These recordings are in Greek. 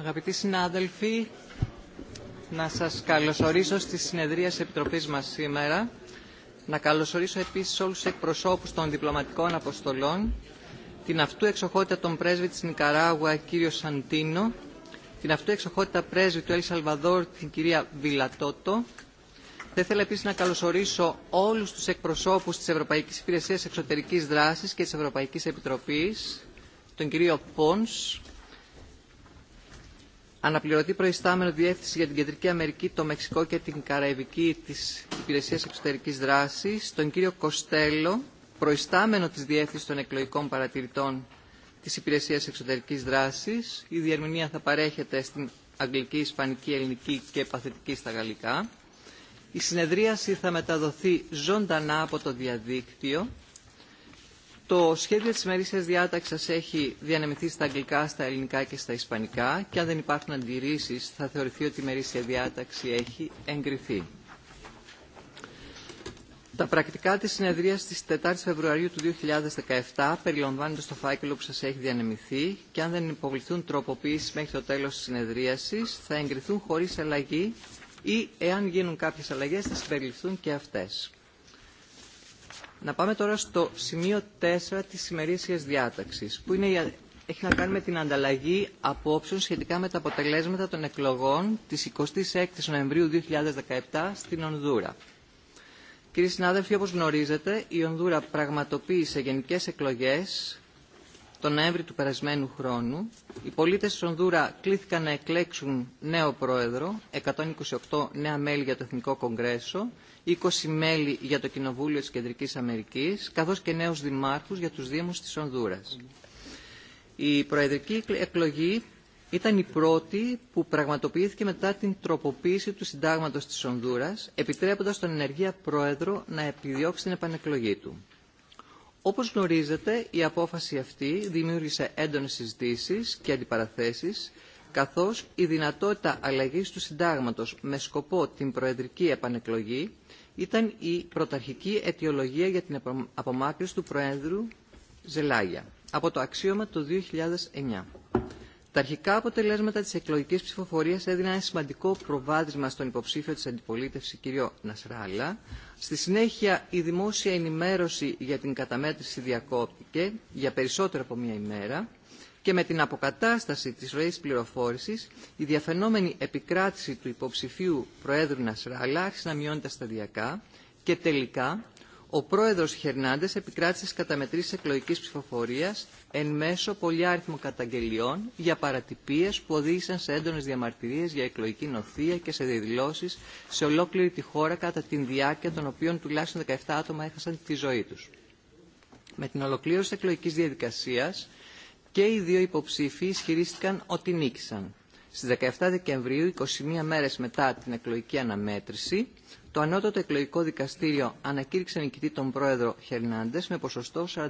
Αγαπητοί συνάδελφοι, να σας καλωσορίσω στη συνεδρία της Επιτροπής μας σήμερα. Να καλωσορίσω επίσης όλους τους εκπροσώπους των διπλωματικών αποστολών, την αυτού εξοχότητα των πρέσβη της Νικαράγουα, κύριο Σαντίνο, την αυτού εξοχότητα πρέσβη του Ελ την κυρία Βιλατότο, θα ήθελα επίση να καλωσορίσω όλους τους εκπροσώπους τη Ευρωπαϊκή Υπηρεσία Εξωτερικής Δράσης και τη Ευρωπαϊκή Επιτροπή, τον κύριο Πόνς, αναπληρωτή προϊστάμενο διεύθυνση για την Κεντρική Αμερική, το Μεξικό και την Καραϊβική της Υπηρεσίας Εξωτερικής Δράσης, τον κύριο Κοστέλο, προϊστάμενο της Διεύθυνσης των Εκλογικών Παρατηρητών της Υπηρεσίας Εξωτερικής Δράσης. Η διερμηνία θα παρέχεται στην Αγγλική, Ισπανική, Ελληνική και Παθητική στα Γαλλικά. Η συνεδρίαση θα μεταδοθεί ζωντανά από το διαδίκτυο το σχέδιο της ημερήσιας διάταξης σας έχει διανεμηθεί στα αγγλικά, στα ελληνικά και στα ισπανικά και αν δεν υπάρχουν αντιρρήσεις θα θεωρηθεί ότι η ημερήσια διάταξη έχει εγκριθεί. Τα πρακτικά της συνεδρίας της 4 Φεβρουαρίου του 2017 περιλαμβάνονται στο φάκελο που σας έχει διανεμηθεί και αν δεν υποβληθούν τροποποίησεις μέχρι το τέλος της συνεδρίασης θα εγκριθούν χωρίς αλλαγή ή εάν γίνουν κάποιες αλλαγές θα συμπεριληφθούν και αυτές. Να πάμε τώρα στο σημείο 4 της ημερήσιας διάταξης, που είναι, έχει να κάνει με την ανταλλαγή απόψεων σχετικά με τα αποτελέσματα των εκλογών της 26 Νοεμβρίου 2017 στην Ονδούρα. Κύριοι συνάδελφοι, όπως γνωρίζετε, η Ονδούρα πραγματοποίησε γενικές εκλογές τον Νοέμβρη του περασμένου χρόνου, οι πολίτες της Ονδούρα κλήθηκαν να εκλέξουν νέο πρόεδρο, 128 νέα μέλη για το Εθνικό Κογκρέσο, 20 μέλη για το Κοινοβούλιο της Κεντρικής Αμερικής, καθώς και νέους δημάρχους για τους Δήμους της Ονδούρας. Η προεδρική εκλογή ήταν η πρώτη που πραγματοποιήθηκε μετά την τροποποίηση του συντάγματος της Ονδούρας, επιτρέποντας τον ενεργεία πρόεδρο να επιδιώξει την επανεκλογή του. Όπως γνωρίζετε, η απόφαση αυτή δημιούργησε έντονες συζητήσεις και αντιπαραθέσεις, καθώς η δυνατότητα αλλαγής του συντάγματος με σκοπό την προεδρική επανεκλογή ήταν η πρωταρχική αιτιολογία για την απομάκρυση του Προέδρου Ζελάγια από το αξίωμα το 2009. Τα αρχικά αποτελέσματα της εκλογικής ψηφοφορίας έδιναν ένα σημαντικό προβάδισμα στον υποψήφιο της αντιπολίτευσης κ. Νασράλα, Στη συνέχεια η δημόσια ενημέρωση για την καταμέτρηση διακόπτηκε για περισσότερο από μία ημέρα και με την αποκατάσταση της ροής πληροφόρησης η διαφαινόμενη επικράτηση του υποψηφίου Προέδρου Νασράλα άρχισε να μειώνεται σταδιακά και τελικά ο πρόεδρος Χερνάντες επικράτησε στις καταμετρήσεις εκλογικής ψηφοφορίας εν μέσω πολυάριθμων καταγγελιών για παρατυπίες που οδήγησαν σε έντονες διαμαρτυρίες για εκλογική νοθεία και σε διαδηλώσεις σε ολόκληρη τη χώρα κατά την διάρκεια των οποίων τουλάχιστον 17 άτομα έχασαν τη ζωή τους. Με την ολοκλήρωση εκλογικής διαδικασίας και οι δύο υποψήφοι ισχυρίστηκαν ότι νίκησαν. Στις 17 Δεκεμβρίου, 21 μέρες μετά την εκλογική αναμέτρηση, το ανώτατο εκλογικό δικαστήριο ανακήρυξε νικητή τον πρόεδρο Χερνάντες με ποσοστό 42,95%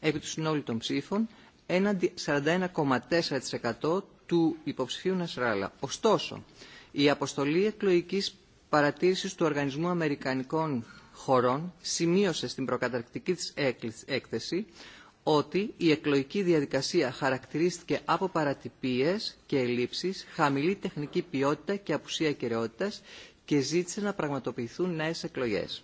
επί του συνόλου των ψήφων έναντι 41,4% του υποψηφίου Νασράλα. Ωστόσο, η αποστολή εκλογικής παρατήρησης του Οργανισμού Αμερικανικών Χωρών σημείωσε στην προκαταρκτική της έκθεση ότι η εκλογική διαδικασία χαρακτηρίστηκε από παρατυπίες και ελλείψεις, χαμηλή τεχνική ποιότητα και απουσία κυριότητας και ζήτησε να πραγματοποιηθούν νέες εκλογές.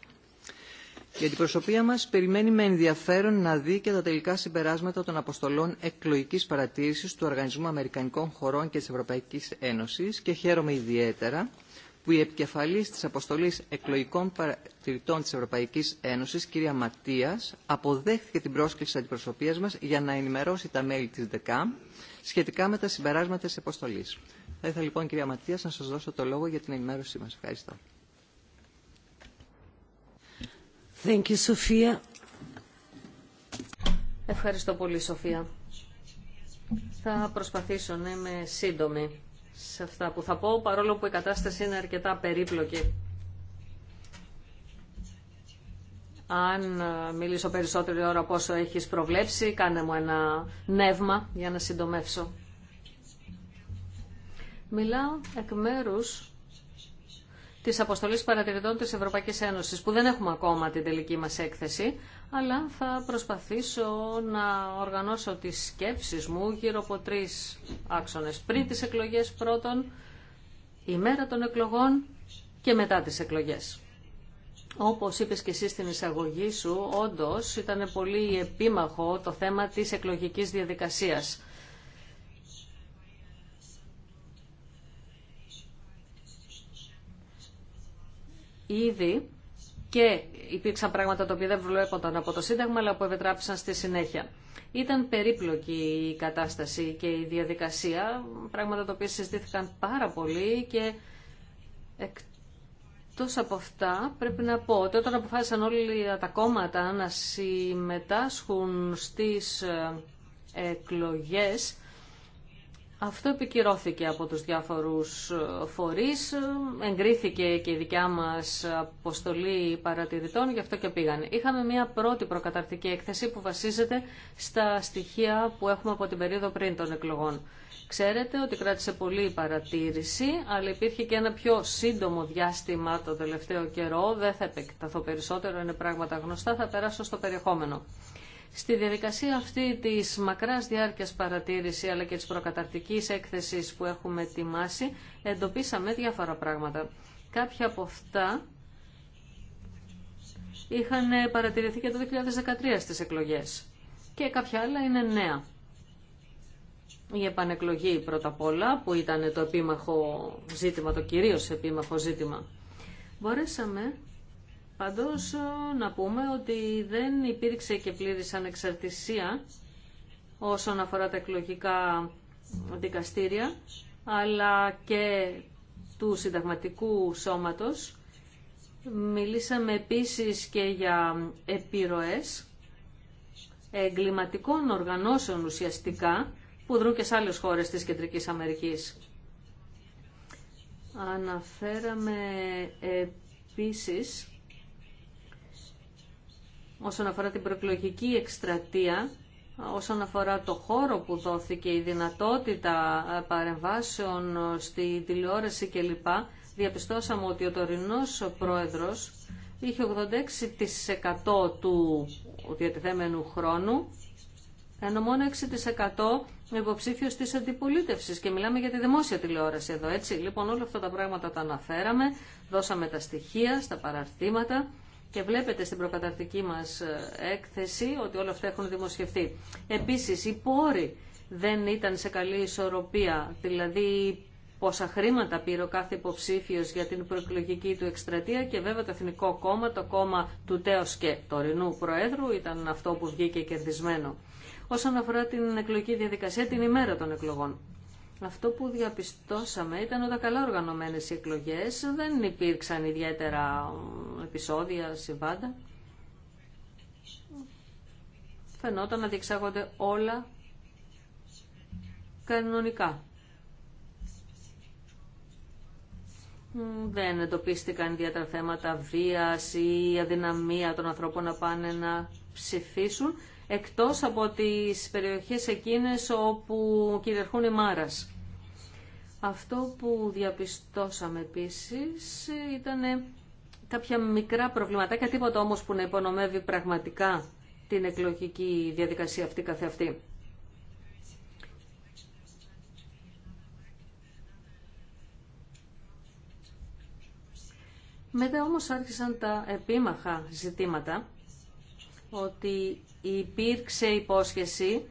Η αντιπροσωπεία μας περιμένει με ενδιαφέρον να δει και τα τελικά συμπεράσματα των αποστολών εκλογικής παρατήρησης του Οργανισμού Αμερικανικών Χωρών και της Ευρωπαϊκής Ένωσης και χαίρομαι ιδιαίτερα που η επικεφαλής της αποστολής εκλογικών παρατηρητών της Ευρωπαϊκής Ένωσης, κυρία Ματίας, αποδέχθηκε την πρόσκληση της αντιπροσωπείας μας για να ενημερώσει τα μέλη της ΔΕΚΑΜ σχετικά με τα συμπεράσματα της αποστολής. Θα ήθελα λοιπόν, κυρία Ματίας, να σας δώσω το λόγο για την ενημέρωσή μας. Ευχαριστώ. Thank you, Ευχαριστώ πολύ, Σοφία. Θα προσπαθήσω να είμαι σύντομη σε αυτά που θα πω, παρόλο που η κατάσταση είναι αρκετά περίπλοκη. Αν ε, μιλήσω περισσότερη ώρα από όσο έχεις προβλέψει, κάνε μου ένα νεύμα για να συντομεύσω. Μιλάω εκ μέρους Τη αποστολή Παρατηρητών τη Ευρωπαϊκή Ένωση, που δεν έχουμε ακόμα την τελική μα έκθεση, αλλά θα προσπαθήσω να οργανώσω τι σκέψει μου γύρω από τρει άξονε Πριν τι εκλογέ πρώτον, η μέρα των εκλογών και μετά τι εκλογέ. Όπω είπε και εσύ στην εισαγωγή σου, όντω ήταν πολύ επίμαχο το θέμα τη εκλογική διαδικασία. ήδη και υπήρξαν πράγματα τα οποία δεν βλέπονταν από το Σύνταγμα, αλλά που ευετράπησαν στη συνέχεια. Ήταν περίπλοκη η κατάσταση και η διαδικασία, πράγματα τα οποία συζητήθηκαν πάρα πολύ και εκτός από αυτά πρέπει να πω ότι όταν αποφάσισαν όλοι τα κόμματα να συμμετάσχουν στις ε, εκλογές, αυτό επικυρώθηκε από τους διάφορους ε, φορείς, εγκρίθηκε και η δικιά μας αποστολή παρατηρητών, γι' αυτό και πήγανε. Είχαμε μια πρώτη προκαταρτική έκθεση που βασίζεται στα στοιχεία που έχουμε από την περίοδο πριν των εκλογών. Ξέρετε ότι κράτησε πολύ η παρατήρηση, αλλά υπήρχε και ένα πιο σύντομο διάστημα το τελευταίο καιρό. Δεν θα επεκταθώ περισσότερο, είναι πράγματα γνωστά, θα περάσω στο περιεχόμενο. Στη διαδικασία αυτή της μακράς διάρκειας παρατήρηση αλλά και της προκαταρτικής έκθεσης που έχουμε ετοιμάσει εντοπίσαμε διάφορα πράγματα. Κάποια από αυτά είχαν παρατηρηθεί και το 2013 στις εκλογές και κάποια άλλα είναι νέα. Η επανεκλογή πρώτα απ' όλα που ήταν το επίμαχο ζήτημα, το κυρίως επίμαχο ζήτημα. Μπορέσαμε Πάντως ε, να πούμε ότι δεν υπήρξε και πλήρης ανεξαρτησία όσον αφορά τα εκλογικά δικαστήρια, αλλά και του συνταγματικού σώματος. Μιλήσαμε επίσης και για επιρροές εγκληματικών οργανώσεων ουσιαστικά που δρούν και σε άλλες χώρες της Κεντρικής Αμερικής. Αναφέραμε επίσης όσον αφορά την προεκλογική εκστρατεία, όσον αφορά το χώρο που δόθηκε, η δυνατότητα ε, παρεμβάσεων ε, στη τηλεόραση κλπ. Διαπιστώσαμε ότι ο τωρινός πρόεδρος είχε 86% του διατηθέμενου χρόνου, ενώ μόνο 6% υποψήφιο τη αντιπολίτευση. Και μιλάμε για τη δημόσια τηλεόραση εδώ, έτσι. Λοιπόν, όλα αυτά τα πράγματα τα αναφέραμε, δώσαμε τα στοιχεία στα παραρτήματα και βλέπετε στην προκαταρτική μας ε, έκθεση ότι όλα αυτά έχουν δημοσιευτεί. Επίσης, οι πόροι δεν ήταν σε καλή ισορροπία, δηλαδή πόσα χρήματα πήρε ο κάθε υποψήφιος για την προεκλογική του εκστρατεία και βέβαια το Εθνικό Κόμμα, το κόμμα του τέος και τωρινού Προέδρου ήταν αυτό που βγήκε κερδισμένο. Όσον αφορά την εκλογική διαδικασία την ημέρα των εκλογών. Αυτό που διαπιστώσαμε ήταν ότι καλά οργανωμένες οι εκλογές δεν υπήρξαν ιδιαίτερα επεισόδια, συμβάντα. Φαινόταν να διεξάγονται όλα κανονικά. Δεν εντοπίστηκαν ιδιαίτερα θέματα βίας ή αδυναμία των ανθρώπων να πάνε να ψηφίσουν εκτός από τις περιοχές εκείνες όπου κυριαρχούν οι Μάρας. Αυτό που διαπιστώσαμε επίσης ήταν κάποια μικρά προβληματάκια, τίποτα όμως που να υπονομεύει πραγματικά την εκλογική διαδικασία αυτή καθεαυτή. Μετά όμως άρχισαν τα επίμαχα ζητήματα ότι υπήρξε υπόσχεση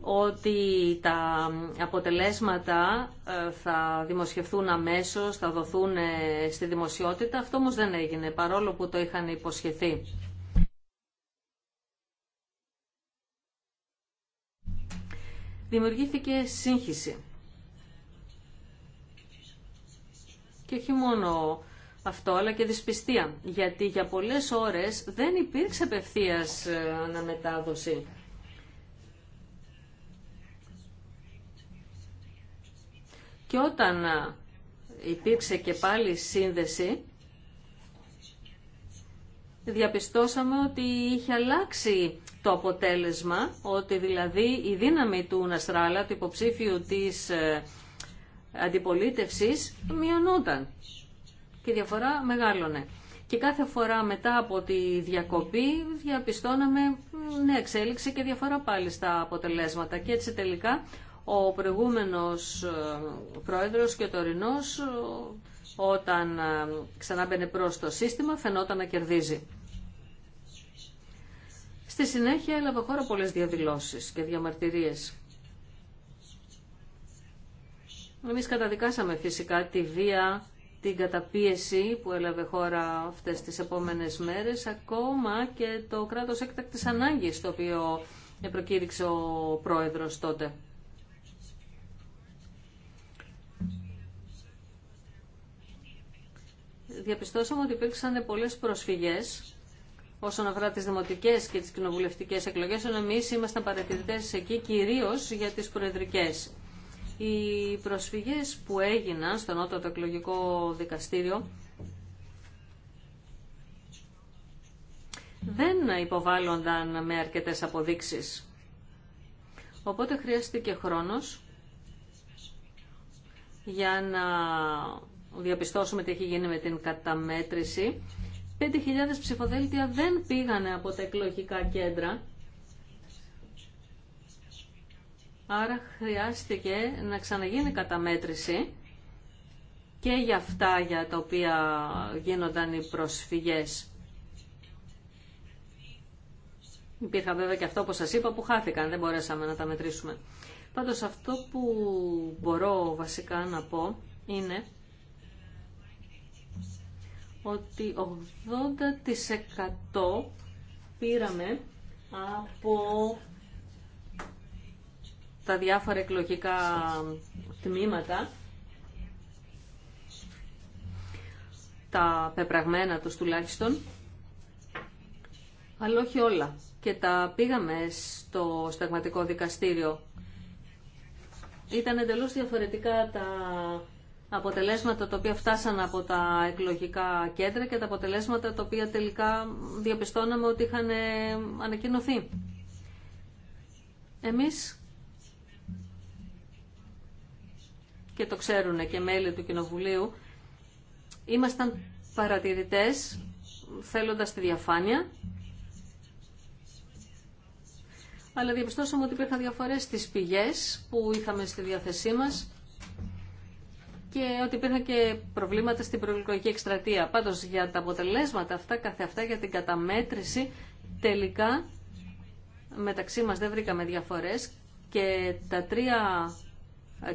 ότι τα αποτελέσματα ε, θα δημοσιευθούν αμέσως, θα δοθούν ε, στη δημοσιότητα. Αυτό όμως δεν έγινε, παρόλο που το είχαν υποσχεθεί. Δημιουργήθηκε σύγχυση Και όχι μόνο αυτό, αλλά και δυσπιστία. Γιατί για πολλές ώρες δεν υπήρξε απευθεία ε, αναμετάδοση. Και όταν ε, υπήρξε και πάλι σύνδεση, διαπιστώσαμε ότι είχε αλλάξει το αποτέλεσμα, ότι δηλαδή η δύναμη του Ναστράλα, του υποψήφιου της ε, αντιπολίτευσης μειωνόταν και η διαφορά μεγάλωνε. Και κάθε φορά μετά από τη διακοπή διαπιστώναμε νέα εξέλιξη και διαφορά πάλι στα αποτελέσματα. Και έτσι τελικά ο προηγούμενος ε, πρόεδρος και ο τωρινός ε, όταν ε, ξανά μπαινε προς το σύστημα φαινόταν να κερδίζει. Στη συνέχεια έλαβε χώρα πολλές διαδηλώσεις και διαμαρτυρίες. Εμείς καταδικάσαμε φυσικά τη βία, την καταπίεση που έλαβε χώρα αυτές τις επόμενες μέρες, ακόμα και το κράτος έκτακτης ανάγκης το οποίο προκήρυξε ο πρόεδρος τότε. Διαπιστώσαμε ότι υπήρξαν πολλές προσφυγές όσον αφορά τις δημοτικές και τις κοινοβουλευτικές εκλογές, ενώ εμείς ήμασταν παρατηρητές εκεί κυρίως για τις προεδρικές. Οι προσφυγές που έγιναν στο Νότο Εκλογικό Δικαστήριο δεν υποβάλλονταν με αρκετές αποδείξεις. Οπότε χρειάστηκε χρόνος για να διαπιστώσουμε τι έχει γίνει με την καταμέτρηση. 5.000 ψηφοδέλτια δεν πήγανε από τα εκλογικά κέντρα Άρα χρειάστηκε να ξαναγίνει καταμέτρηση και για αυτά για τα οποία γίνονταν οι προσφυγές. Υπήρχαν βέβαια και αυτό που σας είπα που χάθηκαν, δεν μπορέσαμε να τα μετρήσουμε. Πάντως αυτό που μπορώ βασικά να πω είναι ότι 80% πήραμε από τα διάφορα εκλογικά τμήματα, τα πεπραγμένα τους τουλάχιστον, αλλά όχι όλα. Και τα πήγαμε στο σταγματικό δικαστήριο. Ήταν εντελώς διαφορετικά τα αποτελέσματα τα οποία φτάσαν από τα εκλογικά κέντρα και τα αποτελέσματα τα οποία τελικά διαπιστώναμε ότι είχαν ανακοινωθεί. Εμείς και το ξέρουν και μέλη του Κοινοβουλίου, ήμασταν παρατηρητές θέλοντας τη διαφάνεια, αλλά διαπιστώσαμε ότι υπήρχαν διαφορές στις πηγές που είχαμε στη διάθεσή μας και ότι υπήρχαν και προβλήματα στην προεκλογική εκστρατεία. Πάντως για τα αποτελέσματα αυτά, καθεαυτά αυτά, για την καταμέτρηση, τελικά μεταξύ μας δεν βρήκαμε διαφορές και τα τρία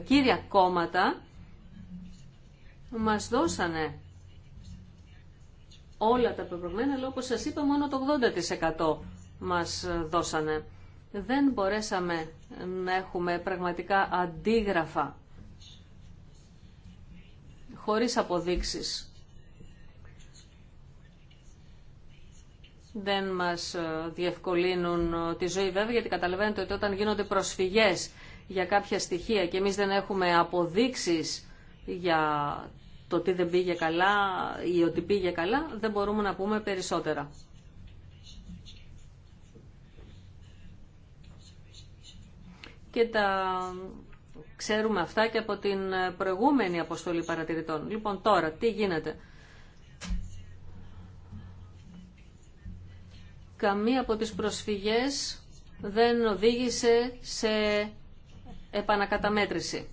κύρια κόμματα μας δώσανε όλα τα προηγούμενα. αλλά όπως σας είπα μόνο το 80% μας δώσανε. Δεν μπορέσαμε να έχουμε πραγματικά αντίγραφα χωρίς αποδείξεις. Δεν μας διευκολύνουν τη ζωή βέβαια γιατί καταλαβαίνετε ότι όταν γίνονται προσφυγές για κάποια στοιχεία και εμείς δεν έχουμε αποδείξεις για το τι δεν πήγε καλά ή ότι πήγε καλά, δεν μπορούμε να πούμε περισσότερα. Και τα ξέρουμε αυτά και από την προηγούμενη αποστολή παρατηρητών. Λοιπόν, τώρα, τι γίνεται. Καμία από τις προσφυγές δεν οδήγησε σε επανακαταμέτρηση.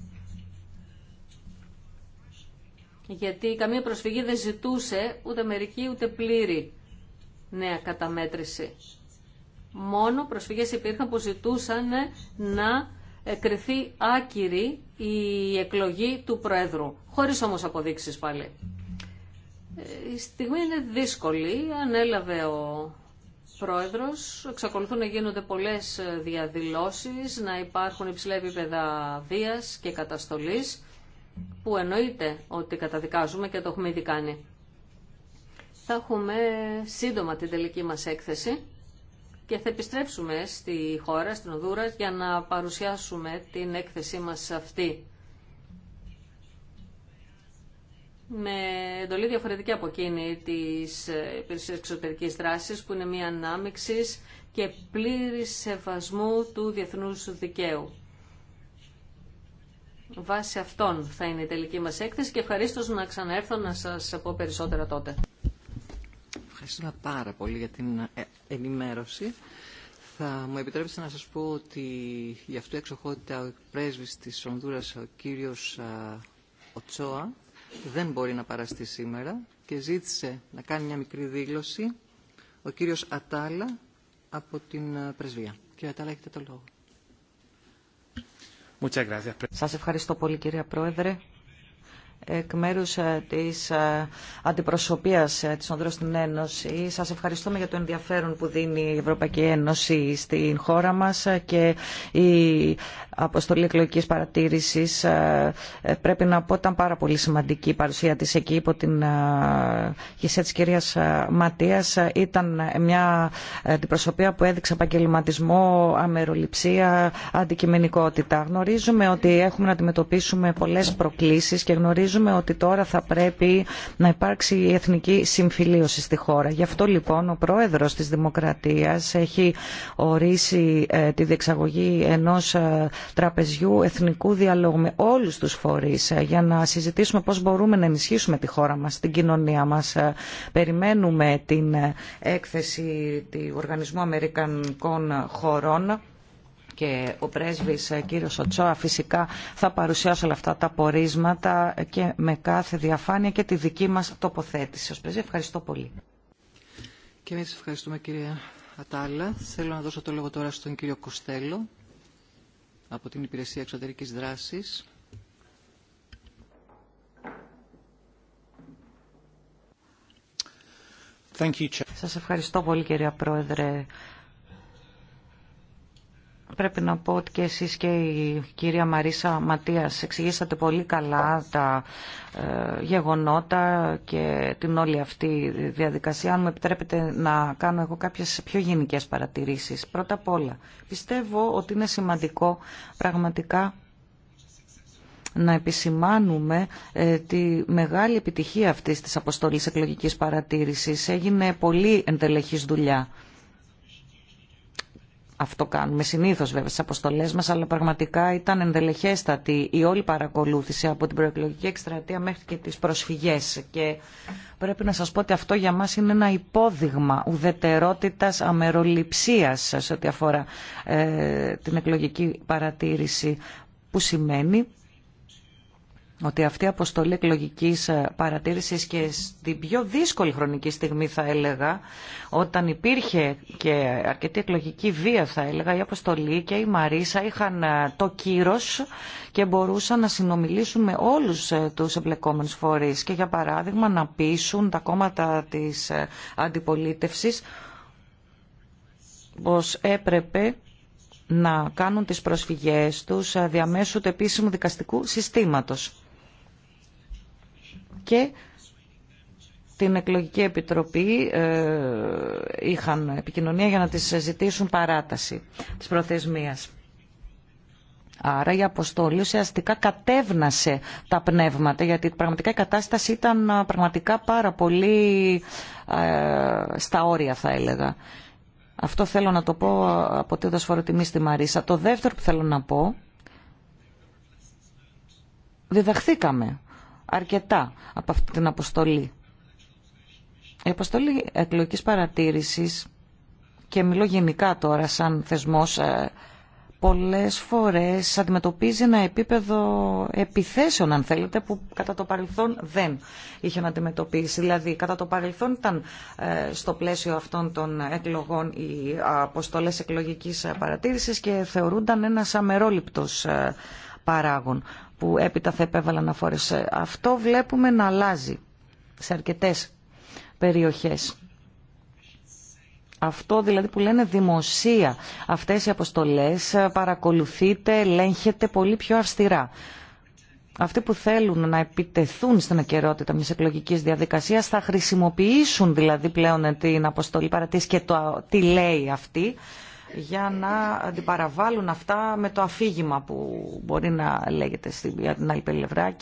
Γιατί καμία προσφυγή δεν ζητούσε ούτε μερική ούτε πλήρη νέα καταμέτρηση. Μόνο προσφυγές υπήρχαν που ζητούσαν ε, να ε, κρυθεί άκυρη η εκλογή του Προέδρου, χωρίς όμως αποδείξεις πάλι. Ε, η στιγμή είναι δύσκολη, ανέλαβε ο πρόεδρος. Εξακολουθούν να γίνονται πολλές ε, διαδηλώσεις, να υπάρχουν υψηλά επίπεδα βίας και καταστολής, που εννοείται ότι καταδικάζουμε και το έχουμε ήδη κάνει. Θα έχουμε σύντομα την τελική μας έκθεση και θα επιστρέψουμε στη χώρα, στην Οδούρα, για να παρουσιάσουμε την έκθεσή μας αυτή με εντολή διαφορετική από εκείνη της ε, υπηρεσία εξωτερική δράσης που είναι μια ανάμειξη και πλήρη σεβασμού του διεθνού δικαίου. Βάσει αυτών θα είναι η τελική μας έκθεση και ευχαρίστω να ξαναέρθω να σας πω περισσότερα τότε. Ευχαριστούμε πάρα πολύ για την ε, ενημέρωση. Θα μου επιτρέψετε να σας πω ότι γι' αυτό εξοχότητα ο πρέσβης της ονδούρα ο κύριος ε, Οτσόα, δεν μπορεί να παραστεί σήμερα και ζήτησε να κάνει μια μικρή δήλωση ο κύριος Ατάλα από την ε, Πρεσβεία. Κύριε Ατάλα, έχετε το λόγο. Σας ευχαριστώ πολύ κύριε Πρόεδρε εκ μέρου ε, τη ε, αντιπροσωπεία ε, τη Ονδρό στην Ένωση. Σα ευχαριστούμε για το ενδιαφέρον που δίνει η Ευρωπαϊκή Ένωση στην χώρα μα και η αποστολή εκλογική παρατήρηση. Πρέπει να πω ότι ήταν πάρα πολύ σημαντική η παρουσία τη εκεί υπό την χεισέ τη κυρία Ματία. Ήταν μια αντιπροσωπεία που έδειξε επαγγελματισμό, αμεροληψία, αντικειμενικότητα. Γνωρίζουμε ότι έχουμε να αντιμετωπίσουμε πολλέ προκλήσει και γνωρίζουμε νομίζουμε ότι τώρα θα πρέπει να υπάρξει η εθνική συμφιλίωση στη χώρα. Γι' αυτό λοιπόν ο πρόεδρος της Δημοκρατίας έχει ορίσει ε, τη διεξαγωγή ενός ε, τραπεζιού εθνικού διαλόγου με όλους τους φορείς ε, για να συζητήσουμε πώς μπορούμε να ενισχύσουμε τη χώρα μας, την κοινωνία μας. Περιμένουμε την έκθεση του Οργανισμού Αμερικανικών Χωρών και ο πρέσβης ε, κύριος Σοτσόα, φυσικά θα παρουσιάσει όλα αυτά τα πορίσματα και με κάθε διαφάνεια και τη δική μας τοποθέτηση. Ως ευχαριστώ πολύ. Και εμείς ευχαριστούμε κύριε Ατάλα. Θέλω να δώσω το λόγο τώρα στον κύριο Κοστέλο από την Υπηρεσία Εξωτερικής Δράσης. Σας ευχαριστώ πολύ κύριε Πρόεδρε πρέπει να πω ότι και εσείς και η κυρία Μαρίσα Ματίας εξηγήσατε πολύ καλά τα ε, γεγονότα και την όλη αυτή διαδικασία. Αν μου επιτρέπετε να κάνω εγώ κάποιες πιο γενικές παρατηρήσεις. Πρώτα απ' όλα, πιστεύω ότι είναι σημαντικό πραγματικά να επισημάνουμε ε, τη μεγάλη επιτυχία αυτής της αποστολής εκλογικής παρατήρησης. Έγινε πολύ εντελεχής δουλειά αυτό κάνουμε συνήθω βέβαια στι αποστολέ μα, αλλά πραγματικά ήταν ενδελεχέστατη η όλη παρακολούθηση από την προεκλογική εκστρατεία μέχρι και τι προσφυγέ. Και πρέπει να σα πω ότι αυτό για μα είναι ένα υπόδειγμα ουδετερότητα αμεροληψία σε ό,τι αφορά ε, την εκλογική παρατήρηση, που σημαίνει ότι αυτή η αποστολή εκλογική ε, παρατήρηση και στην πιο δύσκολη χρονική στιγμή θα έλεγα, όταν υπήρχε και αρκετή εκλογική βία θα έλεγα, η αποστολή και η Μαρίσα είχαν ε, το κύρος και μπορούσαν να συνομιλήσουν με όλους ε, τους εμπλεκόμενου φορεί και για παράδειγμα να πείσουν τα κόμματα της αντιπολίτευση πως έπρεπε να κάνουν τις προσφυγές τους διαμέσου του επίσημου δικαστικού συστήματος και την εκλογική επιτροπή ε, είχαν επικοινωνία για να τις ζητήσουν παράταση της προθεσμίας. Άρα η αποστολή ουσιαστικά κατέβνασε τα πνεύματα γιατί πραγματικά η κατάσταση ήταν πραγματικά πάρα πολύ στα όρια θα έλεγα. Αυτό θέλω να το πω από τη δοσφοροτιμή στη Μαρίσα. Το δεύτερο που θέλω να πω, διδαχθήκαμε αρκετά από αυτή την αποστολή. Η αποστολή εκλογικής παρατήρησης, και μιλώ γενικά τώρα σαν θεσμός, ε, πολλές φορές αντιμετωπίζει ένα επίπεδο επιθέσεων, αν θέλετε, που κατά το παρελθόν δεν είχε να αντιμετωπίσει. Δηλαδή, κατά το παρελθόν ήταν ε, στο πλαίσιο αυτών των εκλογών οι αποστολές εκλογικής παρατήρησης και θεωρούνταν ένας αμερόληπτος ε, παράγων που έπειτα θα επέβαλαν αφόρες. Ε, αυτό βλέπουμε να αλλάζει σε αρκετές περιοχές. Αυτό δηλαδή που λένε δημοσία, αυτές οι αποστολές ε, παρακολουθείτε, ελέγχεται πολύ πιο αυστηρά. Αυτοί που θέλουν να επιτεθούν στην ακερότητα μιας εκλογικής διαδικασίας θα χρησιμοποιήσουν δηλαδή πλέον την αποστολή παρατήρηση και το τι λέει αυτή για να αντιπαραβάλουν αυτά με το αφήγημα που μπορεί να λέγεται στην, άλλη πλευρά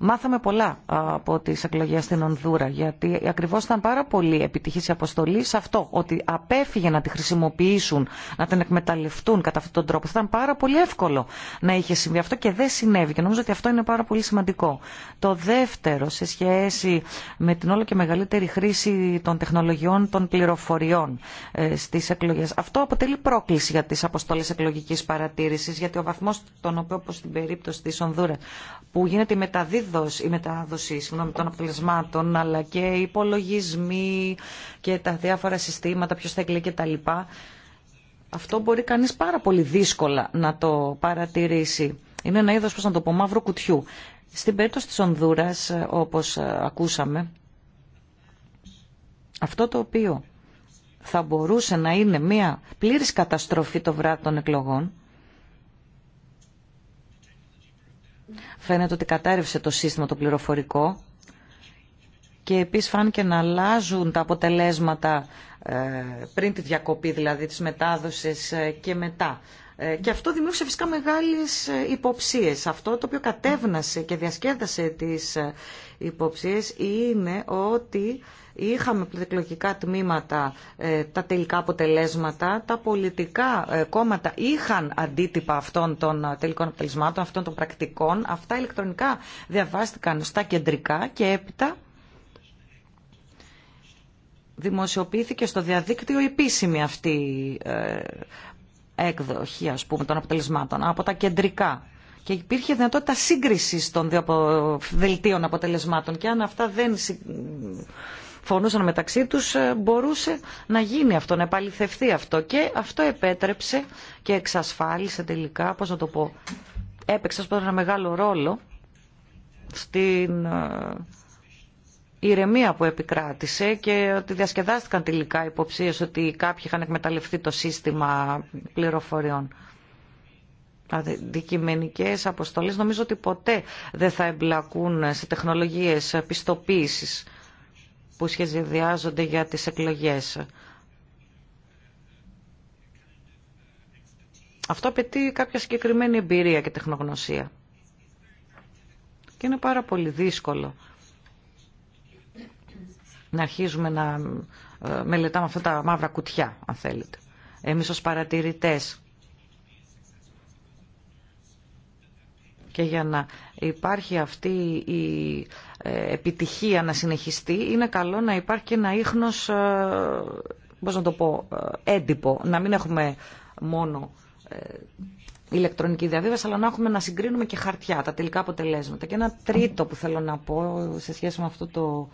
Μάθαμε πολλά από τι εκλογέ στην Ονδούρα, γιατί ακριβώ ήταν πάρα πολύ επιτυχής η αποστολή σε αυτό, ότι απέφυγε να τη χρησιμοποιήσουν, να την εκμεταλλευτούν κατά αυτόν τον τρόπο. Ήταν πάρα πολύ εύκολο να είχε συμβεί αυτό και δεν συνέβη και νομίζω ότι αυτό είναι πάρα πολύ σημαντικό. Το δεύτερο, σε σχέση με την όλο και μεγαλύτερη χρήση των τεχνολογιών των πληροφοριών ε, στι εκλογέ, Αυτό αποτελεί πρόκληση για τι αποστολέ εκλογική παρατήρηση γιατί ο βαθμό τον οποίο, όπω στην περίπτωση τη Ονδούρα, που γίνεται μεταδίδ η μετάδοση συγγνώμη, των αποτελεσμάτων, αλλά και οι υπολογισμοί και τα διάφορα συστήματα, ποιο θα τα λοιπά. Αυτό μπορεί κανείς πάρα πολύ δύσκολα να το παρατηρήσει. Είναι ένα είδος, πώς να το πω, μαύρου κουτιού. Στην περίπτωση της Ονδούρας, όπως ακούσαμε, αυτό το οποίο θα μπορούσε να είναι μια πλήρης καταστροφή το βράδυ των εκλογών, Φαίνεται ότι κατάρρευσε το σύστημα το πληροφορικό και επίσης φάνηκε να αλλάζουν τα αποτελέσματα ε, πριν τη διακοπή δηλαδή της μετάδοσης ε, και μετά ε, και αυτό δημιούργησε φυσικά μεγάλες ε, υποψίες. Αυτό το οποίο κατέβνασε και διασκέδασε τις ε, υποψίες είναι ότι είχαμε εκλογικά τμήματα τα τελικά αποτελέσματα, τα πολιτικά κόμματα είχαν αντίτυπα αυτών των τελικών αποτελεσμάτων, αυτών των πρακτικών. Αυτά ηλεκτρονικά διαβάστηκαν στα κεντρικά και έπειτα δημοσιοποιήθηκε στο διαδίκτυο επίσημη αυτή έκδοχη ας πούμε, των αποτελεσμάτων από τα κεντρικά. Και υπήρχε δυνατότητα σύγκρισης των δελτίων αποτελεσμάτων και αν αυτά δεν φωνούσαν μεταξύ τους ε, μπορούσε να γίνει αυτό, να επαληθευτεί αυτό. Και αυτό επέτρεψε και εξασφάλισε τελικά, πώς να το πω, έπαιξε ένα μεγάλο ρόλο στην ε, ηρεμία που επικράτησε και ότι διασκεδάστηκαν τελικά υποψίες ότι κάποιοι είχαν εκμεταλλευτεί το σύστημα πληροφοριών. Αντικειμενικές δηλαδή, αποστολές νομίζω ότι ποτέ δεν θα εμπλακούν σε τεχνολογίες πιστοποίησης που σχεδιάζονται για τις εκλογές. Αυτό απαιτεί κάποια συγκεκριμένη εμπειρία και τεχνογνωσία. Και είναι πάρα πολύ δύσκολο να αρχίζουμε να ε, μελετάμε αυτά τα μαύρα κουτιά, αν θέλετε. Εμείς ως παρατηρητές. Και για να υπάρχει αυτή η ε, επιτυχία να συνεχιστεί, είναι καλό να υπάρχει ένα ίχνος, ε, πώς να το πω, έντυπο. Να μην έχουμε μόνο ηλεκτρονική διαβίβαση, αλλά να έχουμε να συγκρίνουμε και χαρτιά, τα τελικά αποτελέσματα. Και ένα τρίτο που θέλω να πω σε σχέση με αυτό το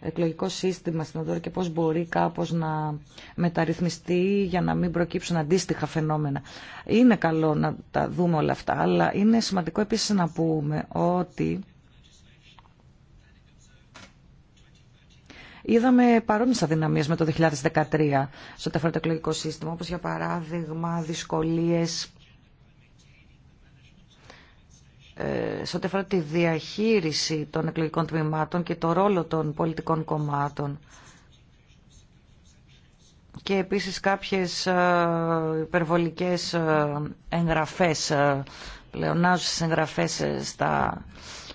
εκλογικό σύστημα στην Οδόρα και πώς μπορεί κάπως να μεταρρυθμιστεί για να μην προκύψουν αντίστοιχα φαινόμενα. Είναι καλό να τα δούμε όλα αυτά, αλλά είναι σημαντικό επίσης να πούμε ότι Είδαμε παρόμοιε αδυναμίε με το 2013 στο εκλογικό σύστημα, όπω για παράδειγμα δυσκολίε ε, σε ό,τι αφορά τη διαχείριση των εκλογικών τμήματων και το ρόλο των πολιτικών κομμάτων και επίσης κάποιες ε, υπερβολικές ε, εγγραφές, πλεονάζουσες εγγραφές στα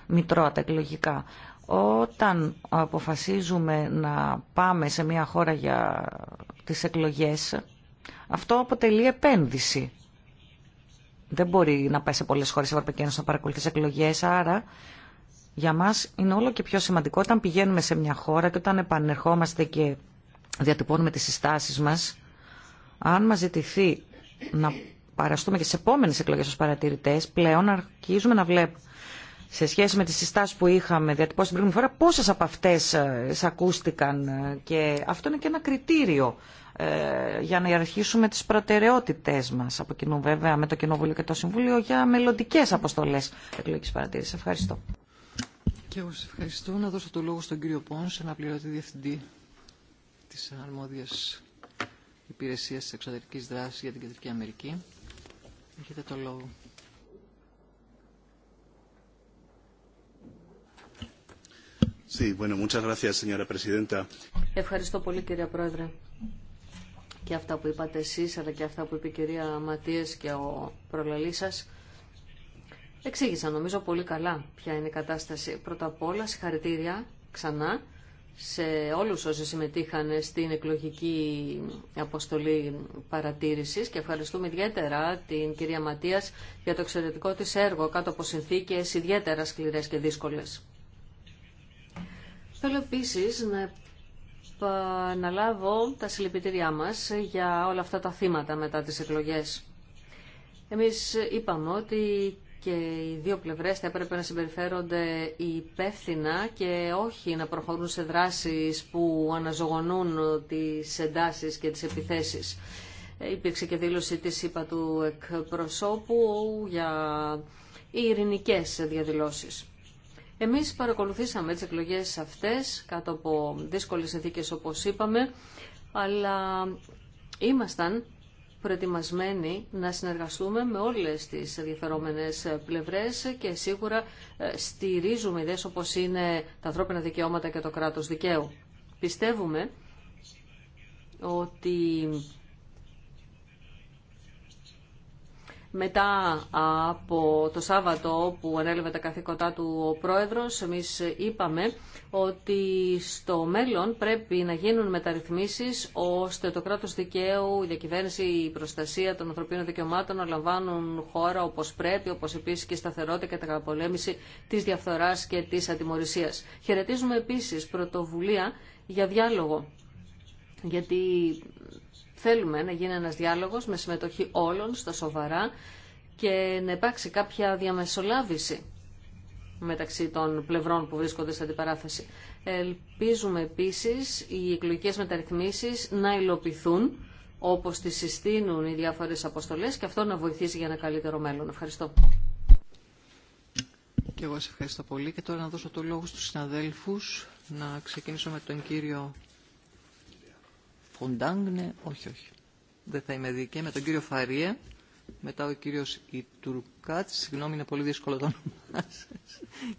μητρώα εκλογικά. Όταν αποφασίζουμε να πάμε σε μια χώρα για τις εκλογές, αυτό αποτελεί επένδυση δεν μπορεί να πάει σε πολλέ χώρε της Ευρωπαϊκή Ένωση να παρακολουθεί εκλογέ, άρα για μα είναι όλο και πιο σημαντικό όταν πηγαίνουμε σε μια χώρα και όταν επανερχόμαστε και διατυπώνουμε τι συστάσει μα, αν μα ζητηθεί να παραστούμε και σε επόμενε εκλογέ ως παρατηρητέ, πλέον αρχίζουμε να βλέπουμε σε σχέση με τις συστάσεις που είχαμε διατυπώσει την προηγούμενη φορά, πόσες από αυτές ε, εισακούστηκαν ε, και αυτό είναι και ένα κριτήριο ε, για να αρχίσουμε τις προτεραιότητες μας από κοινού βέβαια με το Κοινοβούλιο και το Συμβούλιο για μελλοντικές αποστολές εκλογικής παρατήρησης. Ευχαριστώ. Και εγώ σας ευχαριστώ. Να δώσω το λόγο στον κύριο Πόνς, αναπληρωτή διευθυντή της αρμόδιας υπηρεσίας της εξωτερικής δράσης για την Κεντρική Αμερική. Έχετε το λόγο. Si bueno muchas Ευχαριστώ πολύ κύριε Πρόεδρε και αυτά που είπατε εσείς, αλλά και αυτά που είπε η κυρία Ματίες και ο προλαλής σας, εξήγησαν νομίζω πολύ καλά ποια είναι η κατάσταση. Πρώτα απ' όλα, συγχαρητήρια ξανά σε όλους όσοι συμμετείχαν στην εκλογική αποστολή παρατήρησης και ευχαριστούμε ιδιαίτερα την κυρία Ματίας για το εξαιρετικό της έργο κάτω από συνθήκες ιδιαίτερα σκληρές και δύσκολες. Θέλω επίσης να να λάβω τα συλληπιτήριά μας για όλα αυτά τα θύματα μετά τις εκλογές. Εμείς είπαμε ότι και οι δύο πλευρές θα έπρεπε να συμπεριφέρονται υπεύθυνα και όχι να προχωρούν σε δράσεις που αναζωογονούν τις εντάσεις και τις επιθέσεις. Υπήρξε και δήλωση της είπα του εκπροσώπου για ειρηνικές διαδηλώσεις. Εμείς παρακολουθήσαμε τις εκλογές αυτές κάτω από δύσκολες συνθήκε όπως είπαμε, αλλά ήμασταν προετοιμασμένοι να συνεργαστούμε με όλες τις ενδιαφερόμενες πλευρές και σίγουρα ε, στηρίζουμε ιδέες όπως είναι τα ανθρώπινα δικαιώματα και το κράτος δικαίου. Πιστεύουμε ότι Μετά από το Σάββατο που ανέλαβε τα καθήκοντά του ο Πρόεδρος, εμείς είπαμε ότι στο μέλλον πρέπει να γίνουν μεταρρυθμίσεις ώστε το κράτος δικαίου, η διακυβέρνηση, η προστασία των ανθρωπίνων δικαιωμάτων να λαμβάνουν χώρα όπως πρέπει, όπως επίσης και η σταθερότητα και τα καταπολέμηση της διαφθοράς και της ατιμορρησίας. Χαιρετίζουμε επίσης πρωτοβουλία για διάλογο γιατί Θέλουμε να γίνει ένας διάλογος με συμμετοχή όλων στα σοβαρά και να υπάρξει κάποια διαμεσολάβηση μεταξύ των πλευρών που βρίσκονται σε αντιπαράθεση. Ελπίζουμε επίσης οι εκλογικές μεταρρυθμίσεις να υλοποιηθούν όπως τις συστήνουν οι διάφορες αποστολές και αυτό να βοηθήσει για ένα καλύτερο μέλλον. Ευχαριστώ. Και εγώ ευχαριστώ πολύ και τώρα να δώσω το λόγο στους συναδέλφους να ξεκινήσω με τον κύριο Φοντάγνε, όχι, όχι. Δεν θα είμαι δίκαιη. Με τον κύριο Φαρία, μετά ο κύριος Ιτουρκάτς, συγγνώμη είναι πολύ δύσκολο το όνομά σας,